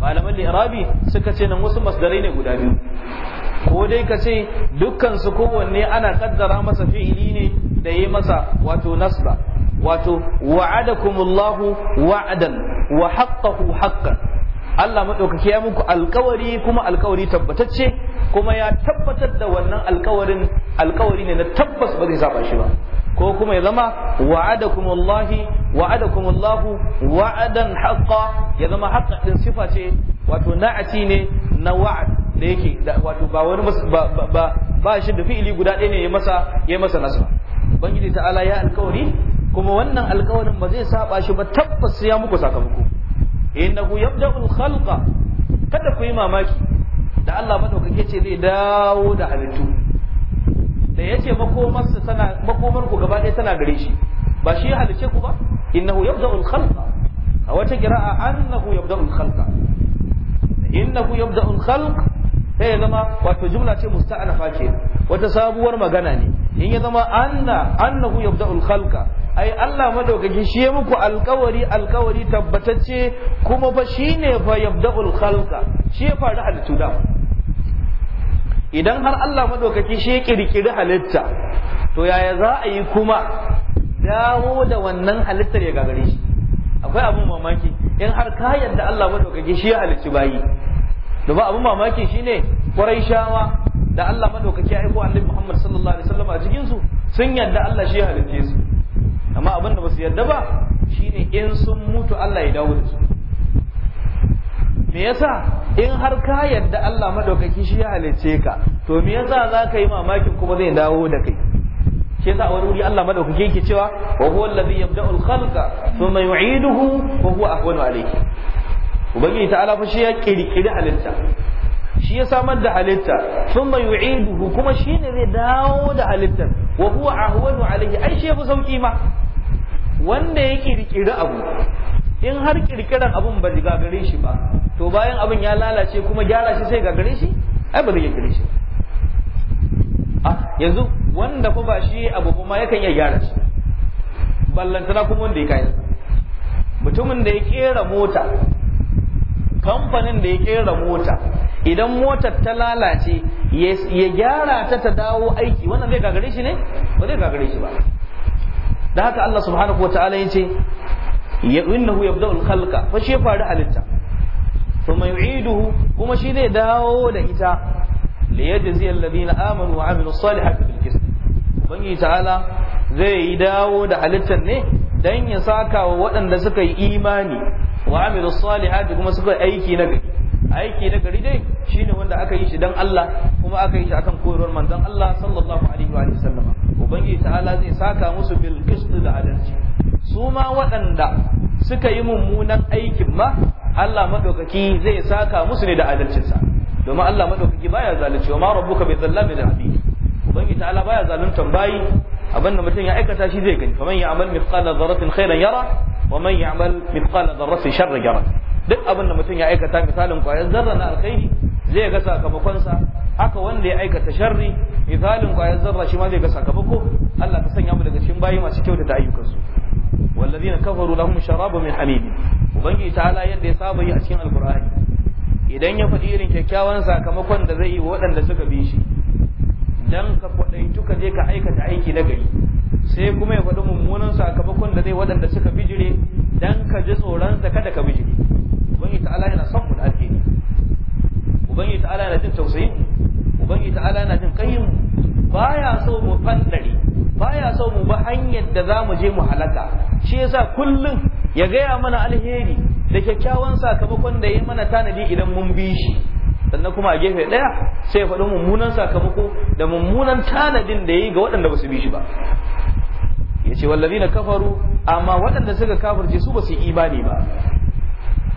malaman lirabi suka ce nan wasu masdarai ne guda biyu ko dai ka ce dukkan su kowanne ana kaddara masa fi'ili ne da yi masa wato nasba wato wa'adakumullahu wa'adan wa haqqahu haqqan Allah madaukaki ya muku alkawari kuma alkawari tabbatacce kuma ya tabbatar da wannan alkawarin alkawari ne na tabbas ba zai saba shi ba ko kuma ya zama wa'adakumullahi wa'adakumullahu wa'adan haqqa ya zama haqqa din sifa ce wato na'ati ne na wa'ad da yake wato ba wani ba ba shi da fi'ili guda ɗaya ne ya masa ya masa nasba ubangiji ta'ala ya alkawari kuma wannan alkawarin ba zai saba shi ba tabbas ya muku sakamako innahu yabda'ul khalqa kada ku yi mamaki da Allah madaukake ce zai dawo da halittu da yace makomar su tana makomar ku gaba ɗaya tana gare shi ba shi halice ku ba innahu yabda'ul khalqa a wata qira'a annahu yabda'ul khalqa innahu yabda'ul khalq sai zama wato jumla ce musta'anafa ce wata sabuwar magana ne in ya zama anna annahu yabda'ul khalqa ai Allah madaukaki shi ya muku alkawari alkawari tabbatacce kuma fa shine fa yabda'ul khalqa shi ya fara halittu da idan har Allah madaukaki shi ya kirkiri halitta to yaya za a yi kuma dawo da wannan halittar ya gagare shi akwai abin mamaki in har ka yadda Allah madaukaki shi ya halicci bayi da ba abin mamaki shine Qurayshawa da Allah madaukaki ya aiko Annabi Muhammad sallallahu alaihi wasallam a cikin su sun yadda Allah shi ya halitte su amma abin da ba su yadda ba shine in sun mutu Allah ya dawo da su me yasa in har ka yadda Allah madaukaki shi ya halitte ka to me yasa za ka yi mamakin kuma zai dawo da kai shi yasa a wani wuri Allah madaukaki yake cewa wa huwa alladhi al khalqa thumma yu'iduhu wa huwa ahwanu alayhi ubangiji ta'ala fa shi ya kirkiri halitta shi ya samar da halitta thumma yu'iduhu kuma shi ne zai dawo da halittar wa huwa huwanu alayhi ai shi fi sauƙi ma wanda ya ƙirƙiri abu in har ƙirƙiran abun ba gagare shi ba to bayan abun ya lalace kuma gyara shi sai gagare shi ai ba zai gagare shi ba. Ah, yanzu wanda ku ba shi abu kuma yakan iya gyara shi ballantana kuma wanda ya kayan mutumin da ya kera mota kamfanin da ya kera mota idan motar ta lalace ya gyara ta ta dawo aiki wannan zai gagare shi ne ba zai gagare shi ba da haka Allah subhanahu wataala yace ya innahu yabda'ul khalqa fa shi faru halitta thumma yu'iduhu kuma shi zai dawo da ita li yajzi alladhina amanu wa amilus salihati bil qist ubangiji ta'ala zai yi dawo da halittar ne dan ya saka wa waɗanda suka yi imani wa amilus salihati kuma suka aiki na gari aiki na gari dai shine wanda aka yi shi dan Allah kuma aka yi shi akan koyarwar manzon Allah sallallahu alaihi wa sallama ubangiji ta'ala zai saka musu bil qist da adalci su ma waɗanda suka yi mummunan aikin ma Allah madaukaki zai saka musu ne da adalcinsa domin Allah madaukaki baya zalunci wa ma rabbuka bi zallamin abid ubangiji ta'ala baya zaluntan bayi abinda mutum ya aikata shi zai gani faman ya'mal mithqala dharratin khairan yara wa man ya'mal mithqala dharratin sharran yara duk abin da mutum ya aikata misalin kwayar zarra na alkhairi zai ga sakamakonsa haka wanda ya aikata sharri misalin kwayar zarra shi ma zai ga sakamako Allah ta sanya mu daga cikin bayi masu kyautata ayyukansu wallazina kafaru lahum sharabun min hamid ubangiji ta'ala yadda ya saba yi a cikin alqur'ani idan ya faɗi irin kyakkyawan sakamakon da zai yi waɗanda suka bi shi dan ka faɗin tuka je ka aikata aiki na gari sai kuma ya faɗi mummunan sakamakon da zai waɗanda suka bijire dan ka ji tsoron kada ka bijire ubangiji ta'ala yana son mu da alheri ubangiji ta'ala yana jin tausayin ubangiji ta'ala yana jin kayin baya so mu fandare baya so mu ba hanyar da za mu je mu halaka shi yasa kullum ya gaya mana alheri da kyakkyawan sakamakon da ya mana tanadi idan mun bi shi sannan kuma a gefe ɗaya sai ya faɗi mummunan sakamako da mummunan tanadin da ya yi ga waɗanda ba su bi shi ba ya ce wallazi na kafaru amma waɗanda suka kafirce su ba su imani ba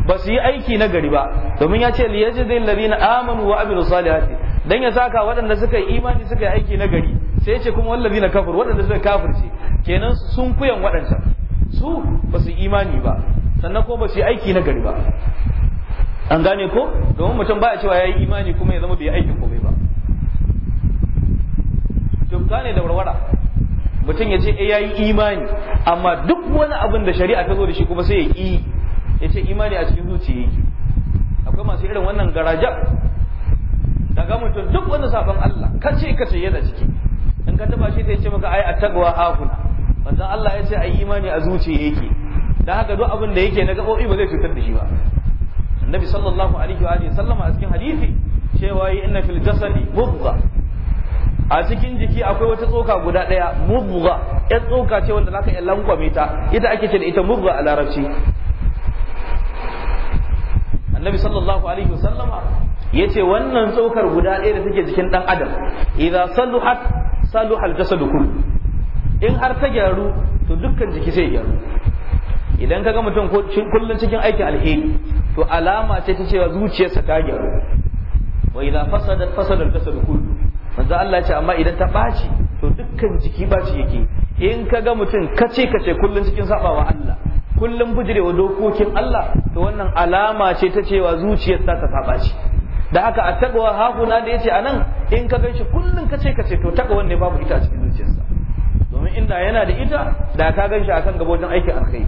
ba su yi aiki na gari ba domin ya ce liyajidil na amanu wa amilu salihati Don ya saka waɗanda suka yi imani suka yi aiki na gari sai ce kuma wallazi na kafir waɗanda suka kafirce kenan sun kuyan waɗancan su ba su imani ba sannan ko ba su yi aiki na gari ba an gane ko domin mutum ba a cewa ya yi imani kuma ya zama bai aiki komai ba jumka ne da warwara mutum ya ce eh ya yi imani amma duk wani abin da shari'a ta zo da shi kuma sai ya yi ya ce imani a cikin zuciya yake akwai masu irin wannan garajar da ga mutum duk wani sabon Allah kace kace yana ciki in ka taba shi sai ce maka ai tagwa hafuna manzon Allah ya ce ai imani a zuciya yake dan haka duk abin da yake na gabobi ba zai cutar da shi ba annabi sallallahu alaihi wa alihi sallama a cikin hadisi cewa yi inna fil jasadi mudgha a cikin jiki akwai wata tsoka guda daya mudgha ya tsoka ce wanda zaka iya lankwame ta ita ake ce da ita mudgha a larabci annabi sallallahu alaihi wasallama yace wannan tsokar guda ɗaya da take jikin dan adam idza saluhat saluhal jasadu kullu in har ta gyaru to dukkan jiki sai gyaru idan kaga mutum kullun cikin aikin alheri to alama ce ta cewa zuciyarsa ta gyaru wa idza fasadat fasadal jasadu kullu manzo Allah ya ce amma idan ta ɓaci to dukkan jiki ɓaci yake in kaga mutum kace kace kullun cikin sabawa Allah kullum bujirewa dokokin Allah to wannan alama ce ta cewa zuciyar ta ta saba ce da haka a taqwa hakuna da yace anan in ka ganshi kullun kace kace to taga wanda babu ita a cikin zuciyarsa domin inda yana da ita da ka ganshi akan gaba wajen aikin alkhairi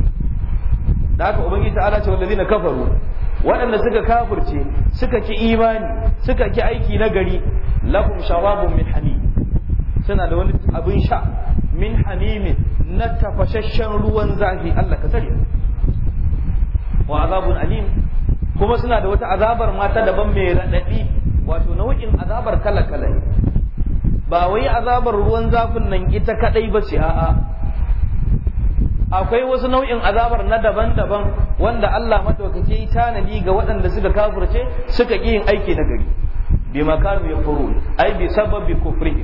da haka ubangiji ta'ala ce wallazina kafaru waɗanda suka kafirce suka ki imani suka ki aiki na gari lahum shawabun min hani suna da wani abin sha min hamimin na tafashashen ruwan zafi Allah ka tare wa azabun alim kuma suna da wata azabar mata daban mai raɗaɗi wato nau'in azabar kala kala ba wai azabar ruwan zafin nan ita kaɗai ba ce a'a akwai wasu nau'in azabar na daban-daban wanda Allah madaukake tanadi ga waɗanda suka kafirce suka ƙi yin aiki na gari bi makaru ya furu ai bi sababi kufri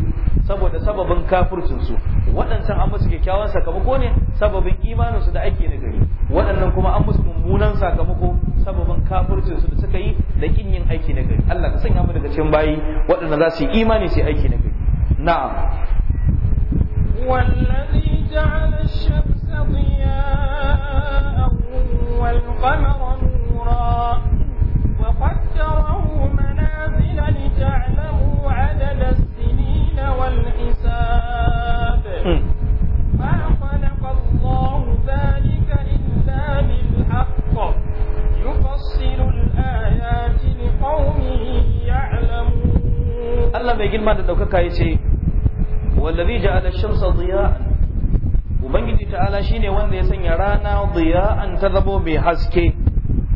saboda sababin kafircin su waɗancan an musu kyakkyawan sakamako ne sababin imanin su da aiki na gari waɗannan kuma an musu mummunan sakamako sababin kafircin su da suka yi da kin yin aiki na gari Allah ka sanya mu daga cikin bayi waɗanda za su yi imani su yi aiki na gari na'am والذي shamsa wal qamara wanda ya sanya rana diya'an ta zabo mai haske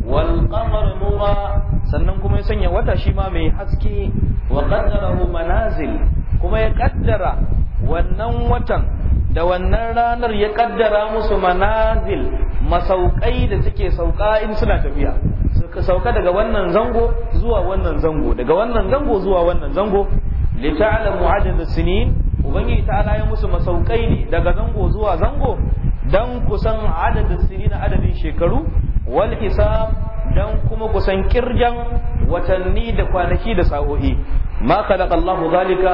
wal qamar nura sannan kuma ya sanya wata shi ma mai haske wa qaddarahu manazil kuma ya kaddara wannan watan da wannan ranar ya kaddara musu manazil masaukai da suke sauka in suna tafiya suka sauka daga wannan zango zuwa wannan zango daga wannan zango zuwa wannan zango li ta'lamu adad sinin ubangiji ta'ala ya musu masaukai ne daga zango zuwa zango dan kusan adadin sinina adadin shekaru wal hisab dan kuma kusan kirjan watanni da kwanaki da sa'o'i ma khalaqa Allahu zalika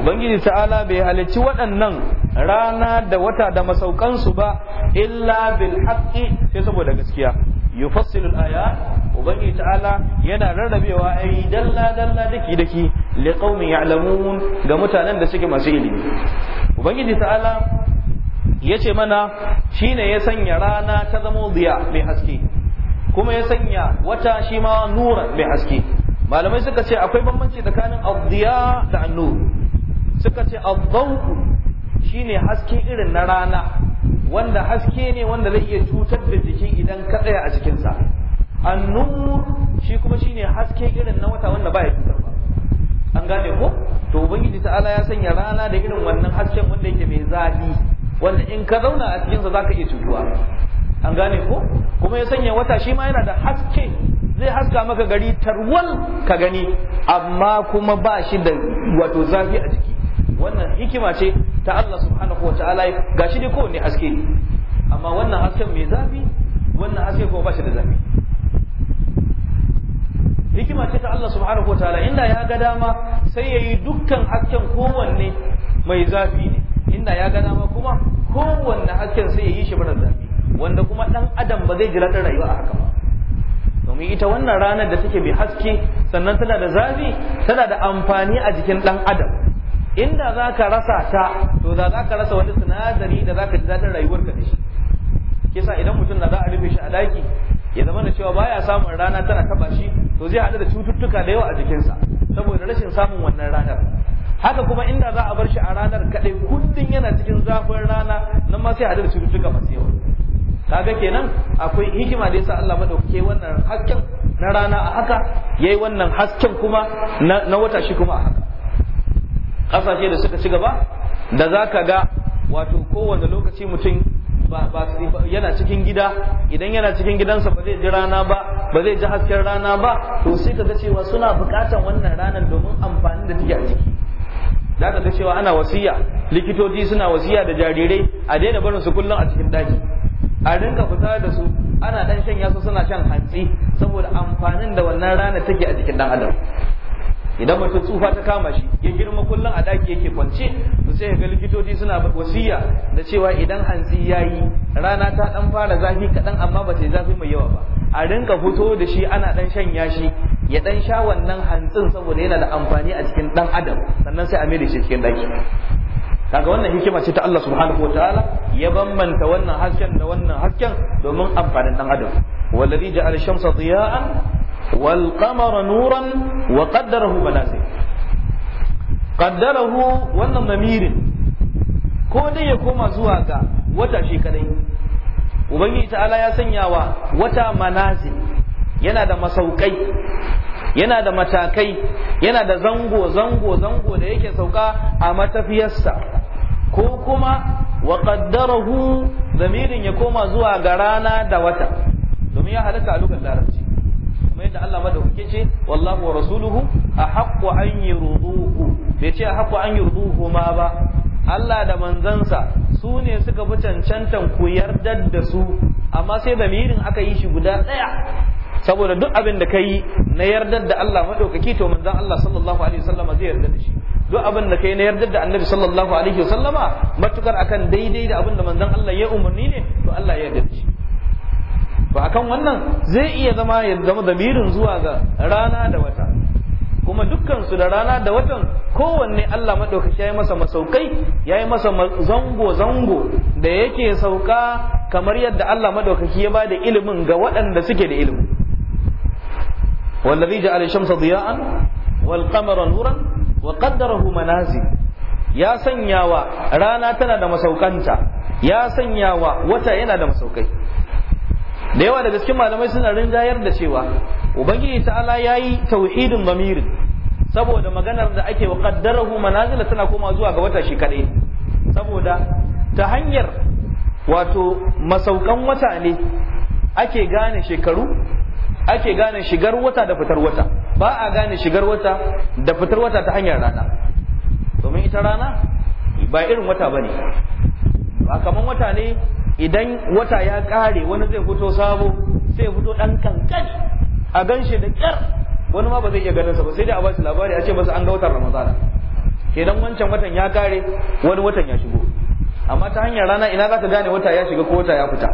ubangiji ta'ala bai halicci waɗannan rana da wata da masaukan su ba illa bil haqqi sai saboda gaskiya yufassilu al ayat ubangiji ta'ala yana rarrabewa ai dalla dalla daki daki liqaumin ya'lamun ga mutanen da suke masu ilimi ubangiji ta'ala ya ce mana shi ne ya sanya rana ta zama ziya mai haske kuma ya sanya wata shi ma nura mai haske malamai suka ce akwai bambanci tsakanin abdiya da annur suka ce shi ne haske irin na rana wanda haske ne wanda zai iya cutar da jiki idan ka tsaya a cikinsa annur shi kuma shi ne haske irin na wata wanda ba ya cutar ba an gane ko to ubangiji ta'ala ya sanya rana da irin wannan hasken wanda yake mai zafi wanda in ka zauna a cikinsa za ka iya cutuwa an gane ko kuma ya sanya wata shi ma yana da haske zai haska maka gari tarwal ka gani amma kuma ba shi da wato zafi a jiki wannan hikima ce ta Allah subhanahu wa ta'ala ga shi dai kowanne haske ne amma wannan hasken mai zafi wannan haske kuma ba shi da zafi hikima ce ta Allah subhanahu wa ta'ala inda ya ga dama sai ya yi dukkan hasken kowanne mai zafi ne inda ya gana ma kuma kowanne hasken sai ya yi shi mara zafi wanda kuma dan adam ba zai ji daɗin rayuwa a haka ba domin ita wannan ranar da take bi haske sannan tana da zafi tana da amfani a jikin dan adam inda za ka rasa ta to za ka rasa wani sinadari da za ka ji daɗin rayuwar da shi kisa idan mutum na za a rufe shi a daki ya zama da cewa baya samun rana tana taba shi to zai haɗu da cututtuka da yawa a jikinsa saboda rashin samun wannan ranar haka kuma inda za a bar shi a ranar kadai kullun yana cikin zafin rana nan ma sai a da duka masu yawa kaga kenan akwai hikima da yasa Allah madauke wannan hasken na rana a haka yayi wannan hasken kuma na wata shi kuma a haka kasashe da suka ci gaba da zaka ga wato kowane lokaci mutum yana cikin gida idan yana cikin gidansa ba zai ji rana ba ba zai ji hasken rana ba to sai ka ga cewa suna bukatan wannan ranar domin amfani da take a jiki za ka ga cewa ana wasiya likitoci suna wasiya da jarirai a daina barin su kullum a cikin daji a rinka fita da su ana dan shanya suna shan hantsi saboda amfanin da wannan rana take a jikin dan adam idan mutum tsufa ta kama shi ya girma kullum a daki yake kwance to sai ga likitoci suna wasiya da cewa idan hantsi yayi rana ta dan fara zafi kaɗan amma ba ta zafi mai yawa ba a rinka fito da shi ana dan shanya shi ya dan sha wannan hantsin saboda yana da amfani a cikin dan adam sannan sai a mai da shi cikin daki kaga wannan hikima ce ta Allah subhanahu wataala ya bambanta wannan hasken da wannan hasken domin amfanin dan adam wallazi ja'ala shamsa diya'an wal qamara nuran wa qaddarahu manazil qaddarahu wannan lamirin ko dai ya koma zuwa ga wata shi kadai ubangiji ta'ala ya sanya wa wata manazil yana da masaukai yana da matakai yana da zango zango zango da yake sauka a matafiyarsa ko kuma wa qaddarahu zamirin ya koma zuwa ga rana da wata domin ya halatta a larabci kuma yadda Allah madaukake ce wallahu wa rasuluhu a ahaqqu an yurduhu bai ce a ahaqqu an yurduhu ma ba Allah da manzansa su ne suka fi cancantan ku yardar da su amma sai zamirin aka yi shi guda ɗaya saboda duk abin da kai na yardar da Allah madaukaki to manzon Allah sallallahu alaihi wasallama zai yarda da shi duk abin da kai na yardar da Annabi sallallahu alaihi wasallama matukar akan daidai da abin da manzon Allah ya umarni ne to Allah ya yarda da shi ba akan wannan zai iya zama ya zama damirin zuwa ga rana da wata kuma dukkansu da rana da watan kowanne Allah madaukaki ya yi masa masaukai ya yi masa zango-zango da yake sauka kamar yadda Allah madaukaki ya ba da ilimin ga waɗanda suke da ilimin والذي جعل الشمس ضياء والقمر نورا وقدره منازل ya sanyawa rana tana da masaukanta ya sanyawa wata yana da masaukai da yawa daga cikin malamai suna rinjayar da cewa ubangiji ta'ala yayi tauhidin bamirin. saboda maganar da ake wa qaddarahu manazila tana koma zuwa ga wata shi kadai saboda ta hanyar wato masaukan wata ne ake gane shekaru ake gane shigar wata da fitar wata ba a gane shigar wata da fitar wata ta hanyar rana domin ita rana ba irin wata ba ne ba kamar wata ne idan wata ya kare wani zai fito sabo sai ya fito dan kankani a gan shi da kyar wani ma ba zai iya ganin sa sai dai a ba su labari a ce masa an ga watan ramadana kenan wancan watan ya kare wani watan ya shigo amma ta hanyar rana ina za ta gane wata ya shiga ko wata ya fita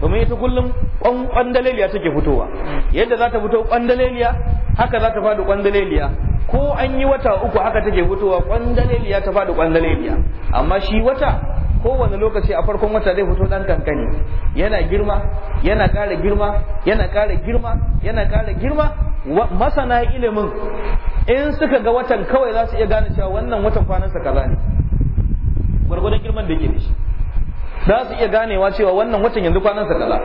domin ita kullum kwandaleliya take fitowa yadda za ta fito kwandaleliya haka za ta faɗi kwandaleliya ko an yi wata uku haka take fitowa kwandaleliya ta faɗi kwandaleliya amma shi wata kowane lokaci a farkon wata zai fito dan kankani yana girma yana ƙara girma yana ƙara girma yana ƙara girma masana ilimin in suka ga watan kawai za su iya gane cewa wannan watan kwanansa kaza ne gwargwadon girman da ke da shi za su iya ganewa cewa wannan watan yanzu sa kaza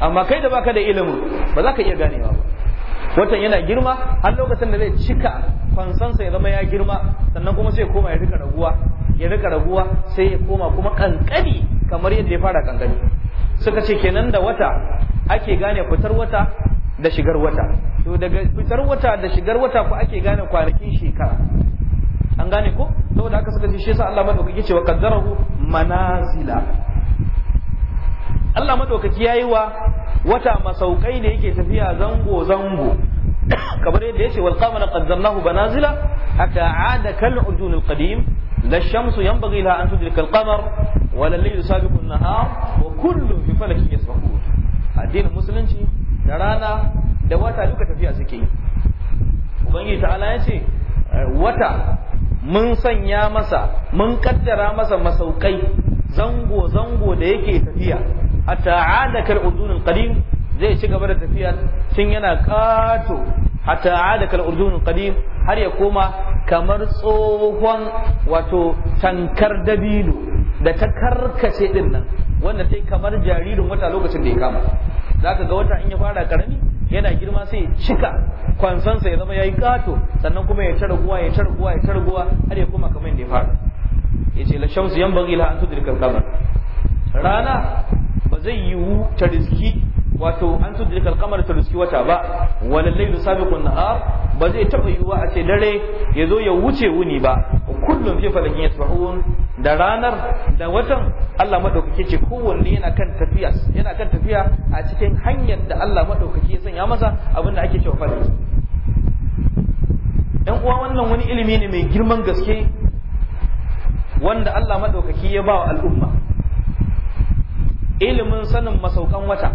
amma kai da baka da ilimin ba za ka iya ganewa ba watan yana girma har lokacin da zai cika kwansansa ya zama ya girma sannan kuma sai koma ya rika raguwa ya rika raguwa sai ya koma kuma kankani kamar yadda ya fara kankani suka ce kenan da wata ake gane fitar wata da shigar wata to daga fitar wata da shigar wata ko ake gane kwanakin shekara an gane ko saboda haka suka ce shi yasa Allah madaukaki ka wa qaddarahu manazila Allah madaukaki yayi wa wata masaukai ne yake tafiya zango zango kamar yadda yace wal qamara qad qaddarnahu banazila hatta aada kal urjun al qadim la shamsu yanbaghi laha an tudrika al qamar wa la laylu sabiqu an nahar wa kullu fi falakin yasbahun addinin musulunci da rana da wata duka tafiya suke yi ubangiji ta'ala yace wata mun sanya masa mun kaddara masa masaukai zango zango da yake tafiya a ta'ada kal qadim zai ci gaba da tafiya tun yana kato a ta'ada kal qadim har ya koma kamar tsohon wato tankar dabino da ta karkace din nan wanda sai kamar jaririn wata lokacin da ya kama zaka ga wata in ya fara karami yana girma sai ya cika kwansansa ya zama yayi kato sannan kuma ya tara ya tara ya tara har ya koma kamar da ya fara yace la shamsu yanbaghi la an tudrika kalkamar. qamar rana ba zai yiwu ta riski wato an tudrika kalkamar qamar ta riski wata ba wala laylu sabiqun nahar ba zai taba yiwuwa a ce dare ya zo ya wuce wuni ba kullum fi falakin yasbahun da ranar da watan Allah madaukake ce kowanne yana kan tafiya yana kan tafiya a cikin hanyar da Allah madaukake ya sanya masa abinda ake cewa fadi ɗan uwa wannan wani ilimi ne mai girman gaske wanda Allah madaukake ya ba wa al'umma ilimin sanin masaukan wata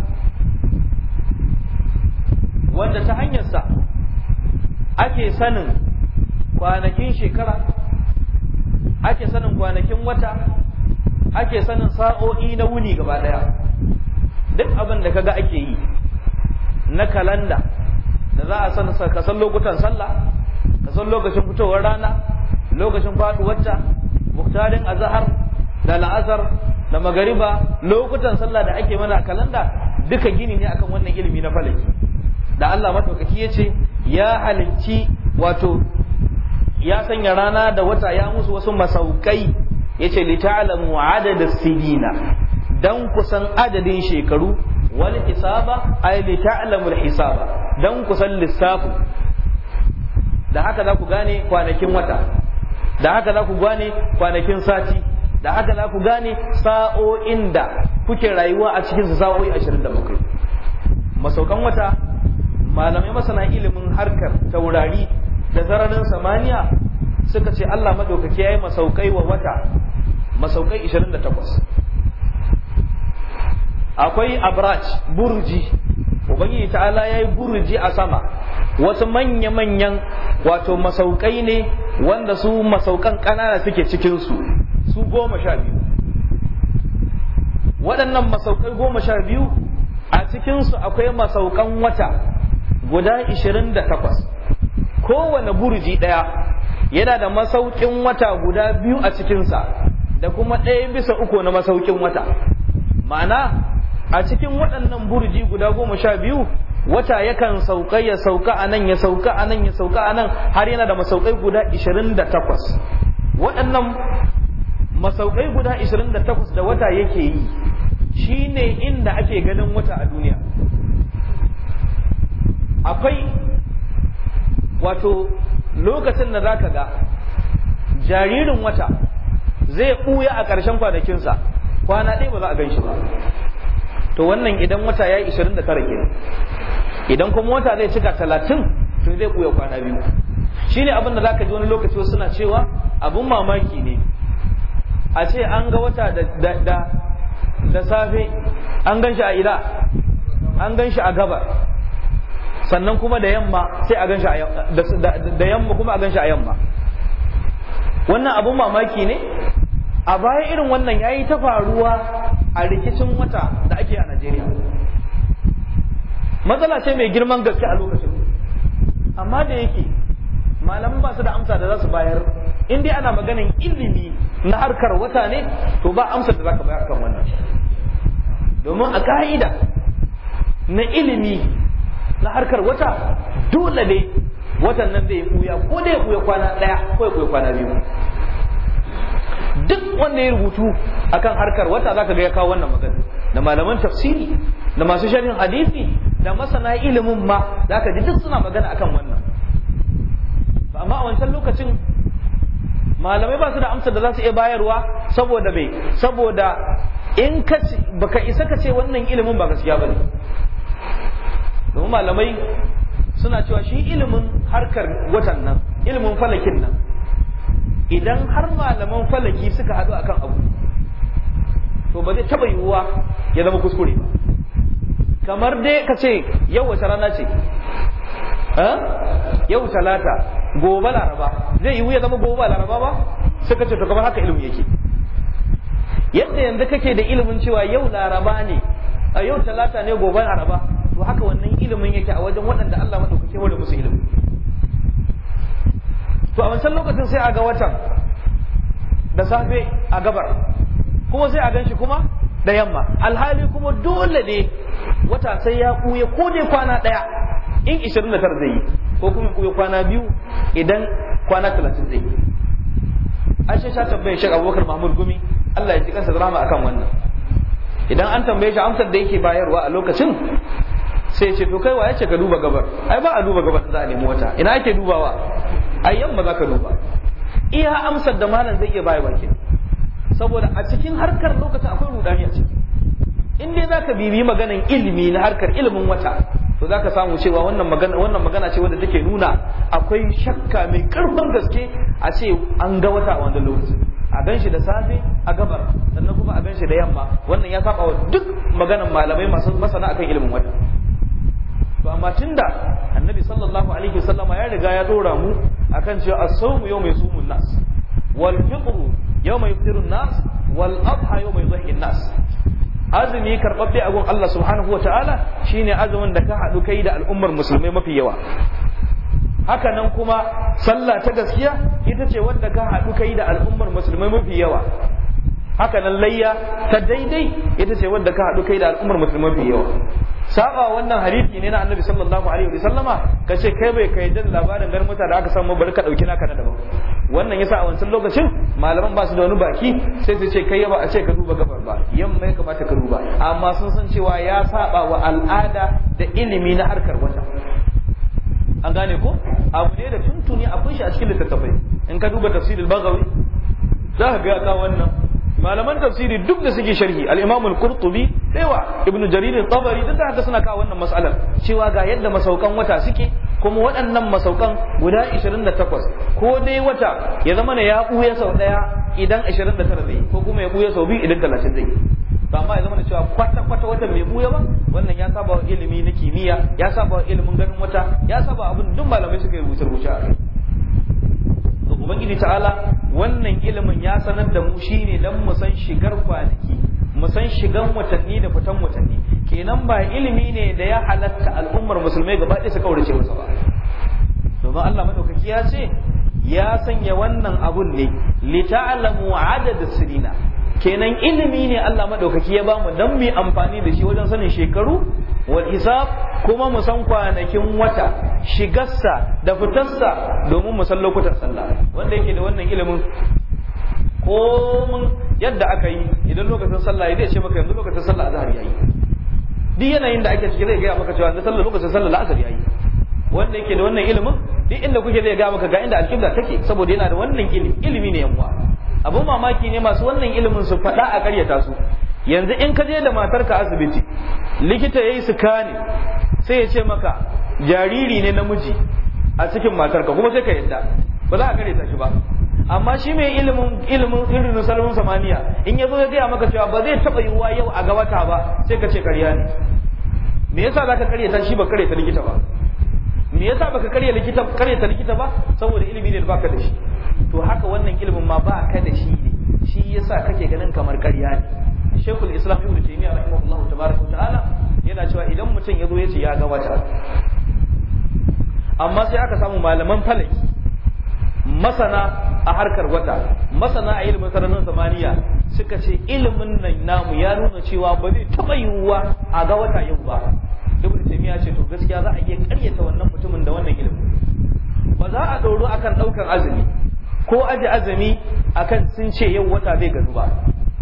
wanda ta hanyarsa ake sanin kwanakin shekara ake sanin kwanakin wata ake sanin sa'o'i na wuni gaba daya duk abin da kaga ake yi na kalanda da za a san ka san lokutan sallah ka san lokacin fitowar rana lokacin faduwar ta muktarin azhar da la'azar da magariba lokutan sallah da ake mana kalanda duka gini ne akan wannan ilimi na falaki da Allah madaukaki ce ya halicci wato ya sanya rana da wata ya musu wasu masaukai yace ce lita'alamu adadin sidina don kusan adadin shekaru wani hisaba a yi ta'lamu da hisaba don kusan lissafi. da haka za ku gane kwanakin wata da haka za ku gane kwanakin sati da haka za ku gane sa'o'in da kuke rayuwa a cikin sa'o'i 27 masaukan wata malamai masana ilimin harkar taurari da sararin samaniya suka ce Allah madaukaki ya yi masaukai wa wata masaukai 28 akwai abraj burji ubangi ta'ala ya yi burji a sama wasu manya-manyan wato masaukai ne wanda su masaukan ƙanana suke cikinsu su goma sha biyu waɗannan masaukai goma sha biyu a cikinsu akwai masaukan wata guda ishirin da takwas kowane burji ɗaya yana da masaukin wata guda biyu a cikinsa da kuma ɗaya bisa uku na masaukin wata ma'ana a cikin waɗannan burji guda goma sha biyu wata yakan sauka ya sauka a nan ya sauka a nan ya sauka a nan har yana da masaukai guda 28 waɗannan masaukai guda 28 da wata yake yi shi ne inda ake ganin wata a duniya akwai wato lokacin da zaka ga jaririn wata zai ɓuya a ƙarshen kwanakinsa kwana ɗaya ba za a gan shi ba to wannan idan wata ya yi 29 kenan idan kuma wata zai cika 30 to zai ɓuya kwana biyu ne abin da za ka ji wani lokaci wasu suna cewa abin mamaki ne a ce an ga wata da safe an gan shi a ila an gan shi a gabar sannan kuma da yamma sai a ganshi da yamma kuma a shi a yamma wannan abun mamaki ne a baya irin wannan yayi ta faruwa a rikicin wata da ake a Najeriya matsala ce mai girman gaske a lokacin amma da yake malaman ba su da amsa da za su bayar in dai ana maganin ilimi na harkar wata ne to ba amsa da za ka bayar kan wannan domin a ka'ida na ilimi na harkar wata dole ne watan nan zai buya ko da ya buya kwana ɗaya ko ya buya kwana biyu duk wanda ya rubutu akan harkar wata zaka ga ya kawo wannan magana da malaman tafsiri da masu sharhin hadisi da masana ilimin ma zaka ji duk suna magana akan wannan amma a wancan lokacin malamai ba su da amsar da za su iya bayarwa saboda bai saboda in ka baka isa ka ce wannan ilimin ba gaskiya ne. domin malamai suna cewa shi ilimin harkar watan nan ilimin falakin nan idan har malaman falaki suka haɗu akan abu to ba zai taɓa yiwuwa ya zama kuskure ba kamar dai ka ce yau wata rana ce yau talata gobe laraba zai yiwu ya zama gobe laraba ba suka ce to kamar haka ilimin yake yadda yanzu kake da ilimin cewa yau laraba ne a yau talata ne gobe laraba to haka wannan ilimin yake a wajen waɗanda Allah maɗaukake wani musu ilimi to a wancan lokacin sai a ga watan da safe a gabar kuma sai a ganshi kuma da yamma alhali kuma dole ne wata sai ya ɓuya ko dai kwana ɗaya in 29 zai yi ko kuma ɓuya kwana biyu idan kwana 30 zai yi an shi sha tambaye shi abubakar mahmud gumi Allah ya ji kansa drama akan wannan idan an tambaye shi amsar da yake bayarwa a lokacin sai ce to kai wa yace ka duba gabar ai ba a duba gabar za a nemi wata ina ake dubawa ai yamma za ka duba iya amsar da malam zai iya bayar ke saboda a cikin harkar lokacin akwai rudani a ciki in dai za ka bibi maganan ilimi na harkar ilimin wata to za ka samu cewa wannan magana wannan magana ce wanda take nuna akwai shakka mai karfin gaske a ce an ga wata a wannan lokacin a gan shi da safe a gabar sannan kuma a gan shi da yamma wannan ya saba wa duk maganan malamai masu masana akan ilimin wata to amma tunda annabi sallallahu alaihi wasallama ya riga ya dora mu akan cewa as-sawmu yawma yasumun nas wal fitru yawma yuftirun nas wal adha yawma yudhhin nas azumi karbabbe a gun Allah subhanahu wataala shine azumin da ka hadu kai da al'ummar musulmai mafi yawa haka nan kuma sallah ta gaskiya ita ce wanda ka hadu kai da al'ummar musulmai mafi yawa haka nan layya ta daidai ita ce wanda ka haɗu kai da al'ummar musulmai mafi yawa saba wannan hadisi ne na annabi sallallahu alaihi wa sallama kace kai bai kai jin labarin garmuta da aka samu bari ka dauki naka na daban wannan yasa a wancan lokacin malaman ba su da wani baki sai su ce kai ba a ce ka duba gabar ba yamma ya kamata ka duba amma sun san cewa ya saba wa al'ada da ilimi na harkar wata an gane ko abu ne da tuntuni a kunshi a cikin littattafai in ka duba tafsirul bagawi za ka ga wannan malaman tafsiri duk da suke sharhi al-imam al-qurtubi daiwa ibn jarir tabari duk da haka suna kawo wannan matsalar. cewa ga yadda masaukan wata suke kuma waɗannan masaukan guda 28 ko dai wata ya zama ya ɓuya sau ɗaya idan 29 zai ko kuma ya ɓuya sau biyu idan 30 zai ba ma ya zama cewa kwata kwata wata mai buya ba wannan ya saba wa ilimi na kimiyya ya saba wa ilimin ganin wata ya saba abin duk malamai suka yi rubuce rubuce a kai ubangiji ta'ala wannan ilimin ya sanar da mu shine dan mu san shigar kwanaki Musan shigan watanni da fitan watanni kenan ba ilimi ne da ya halatta al'ummar musulmai gaba ɗaya su kaurace masa ba domin Allah madaukaki ya ce ya sanya wannan abun ne li ta'lamu adad sirina kenan ilimi ne Allah madaukaki ya ba mu dan mu amfani da shi wajen sanin shekaru wal hisab kuma musan kwanakin wata shigarsa da fitarsa domin mu san lokutan sallah wanda yake da wannan ilimin komin yadda aka yi idan lokacin sallah zai ce maka yanzu lokacin sallah azhar yayi duk yanayin da ake ciki zai gaya maka cewa sallah lokacin sallah la'asar yayi wanda yake da wannan ilimin duk inda kuke zai gaya maka ga inda alƙibla take saboda yana da wannan ilimi ilimi ne yanwa abun mamaki ne masu wannan ilimin su faɗa a ƙaryata su yanzu in ka je da matarka asibiti likita yayi sikani sai ya ce maka jariri ne namiji a cikin matarka kuma sai ka yadda ba za a ta shi ba amma shi mai ilimin ilimin sirrin sararin samaniya in ya zo ya gaya maka cewa ba zai taɓa yiwuwa yau a ga wata ba sai ka ce ƙarya ne me yasa za ka karyata shi ba karyata likita ba me yasa baka ka likita karyata likita ba saboda ilimi ne da baka da shi to haka wannan ilimin ma ba ka da shi ne shi yasa kake ganin kamar ƙarya ne shekul islam ibnu taymiya rahimahullahu tabaraka wa ta'ala yana cewa idan mutum ya zo ya ce ya ga wata amma sai aka samu malaman falaki masana a harkar wata masana a ilimin sararin samaniya suka ce ilimin nan namu ya nuna cewa ba zai taɓa yiwuwa a ga wata yau ba ibn taymiya ce to gaskiya za a iya karyata wannan mutumin da wannan ilimin ba za a doro akan ɗaukar azumi ko aji azumi akan sun ce yau wata bai gazu ba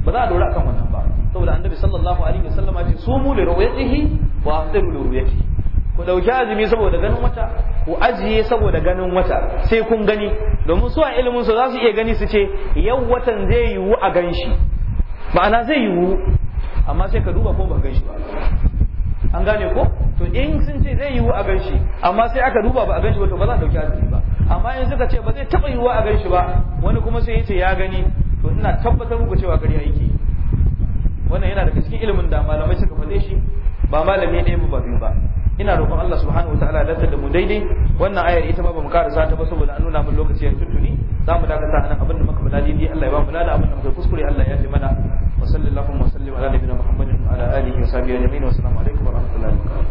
ba za a doro akan wannan ba saboda annabi sallallahu alaihi wasallama ce sumu li ru'yatihi wa afdiru li ru'yatihi ku ɗauki azumi saboda ganin wata ku ajiye saboda ganin wata sai kun gani domin su a ilimin su za su iya gani su ce yau watan zai yiwu a gan shi ma'ana zai yiwu amma sai ka duba ko ba gan shi ba an gane ko to in sun ce zai yiwu a gan shi amma sai aka duba ba a gan shi ba to ba za a ɗauki azumi ba amma in suka ce ba zai taɓa yiwu a gan shi ba wani kuma sai ya ce ya gani to ina tabbatar muku cewa gari yake wannan yana daga cikin ilimin da malamai suka faɗe shi ba malami ɗaya ba biyu ba ina roƙon Allah subhanahu wa ta'ala dace da mu daidai wannan ayar ita ma bamu karasa ta ba saboda an nuna mun lokaci ya tuntuni zamu dakata anan abin da muka faɗa daidai Allah ya ba mu lada abin da muka kuskure Allah ya ji mana wa sallallahu wa sallim ala nabiyina muhammadin wa ala alihi wa sahbihi ajma'in wa assalamu alaikum wa rahmatullahi wa barakatuh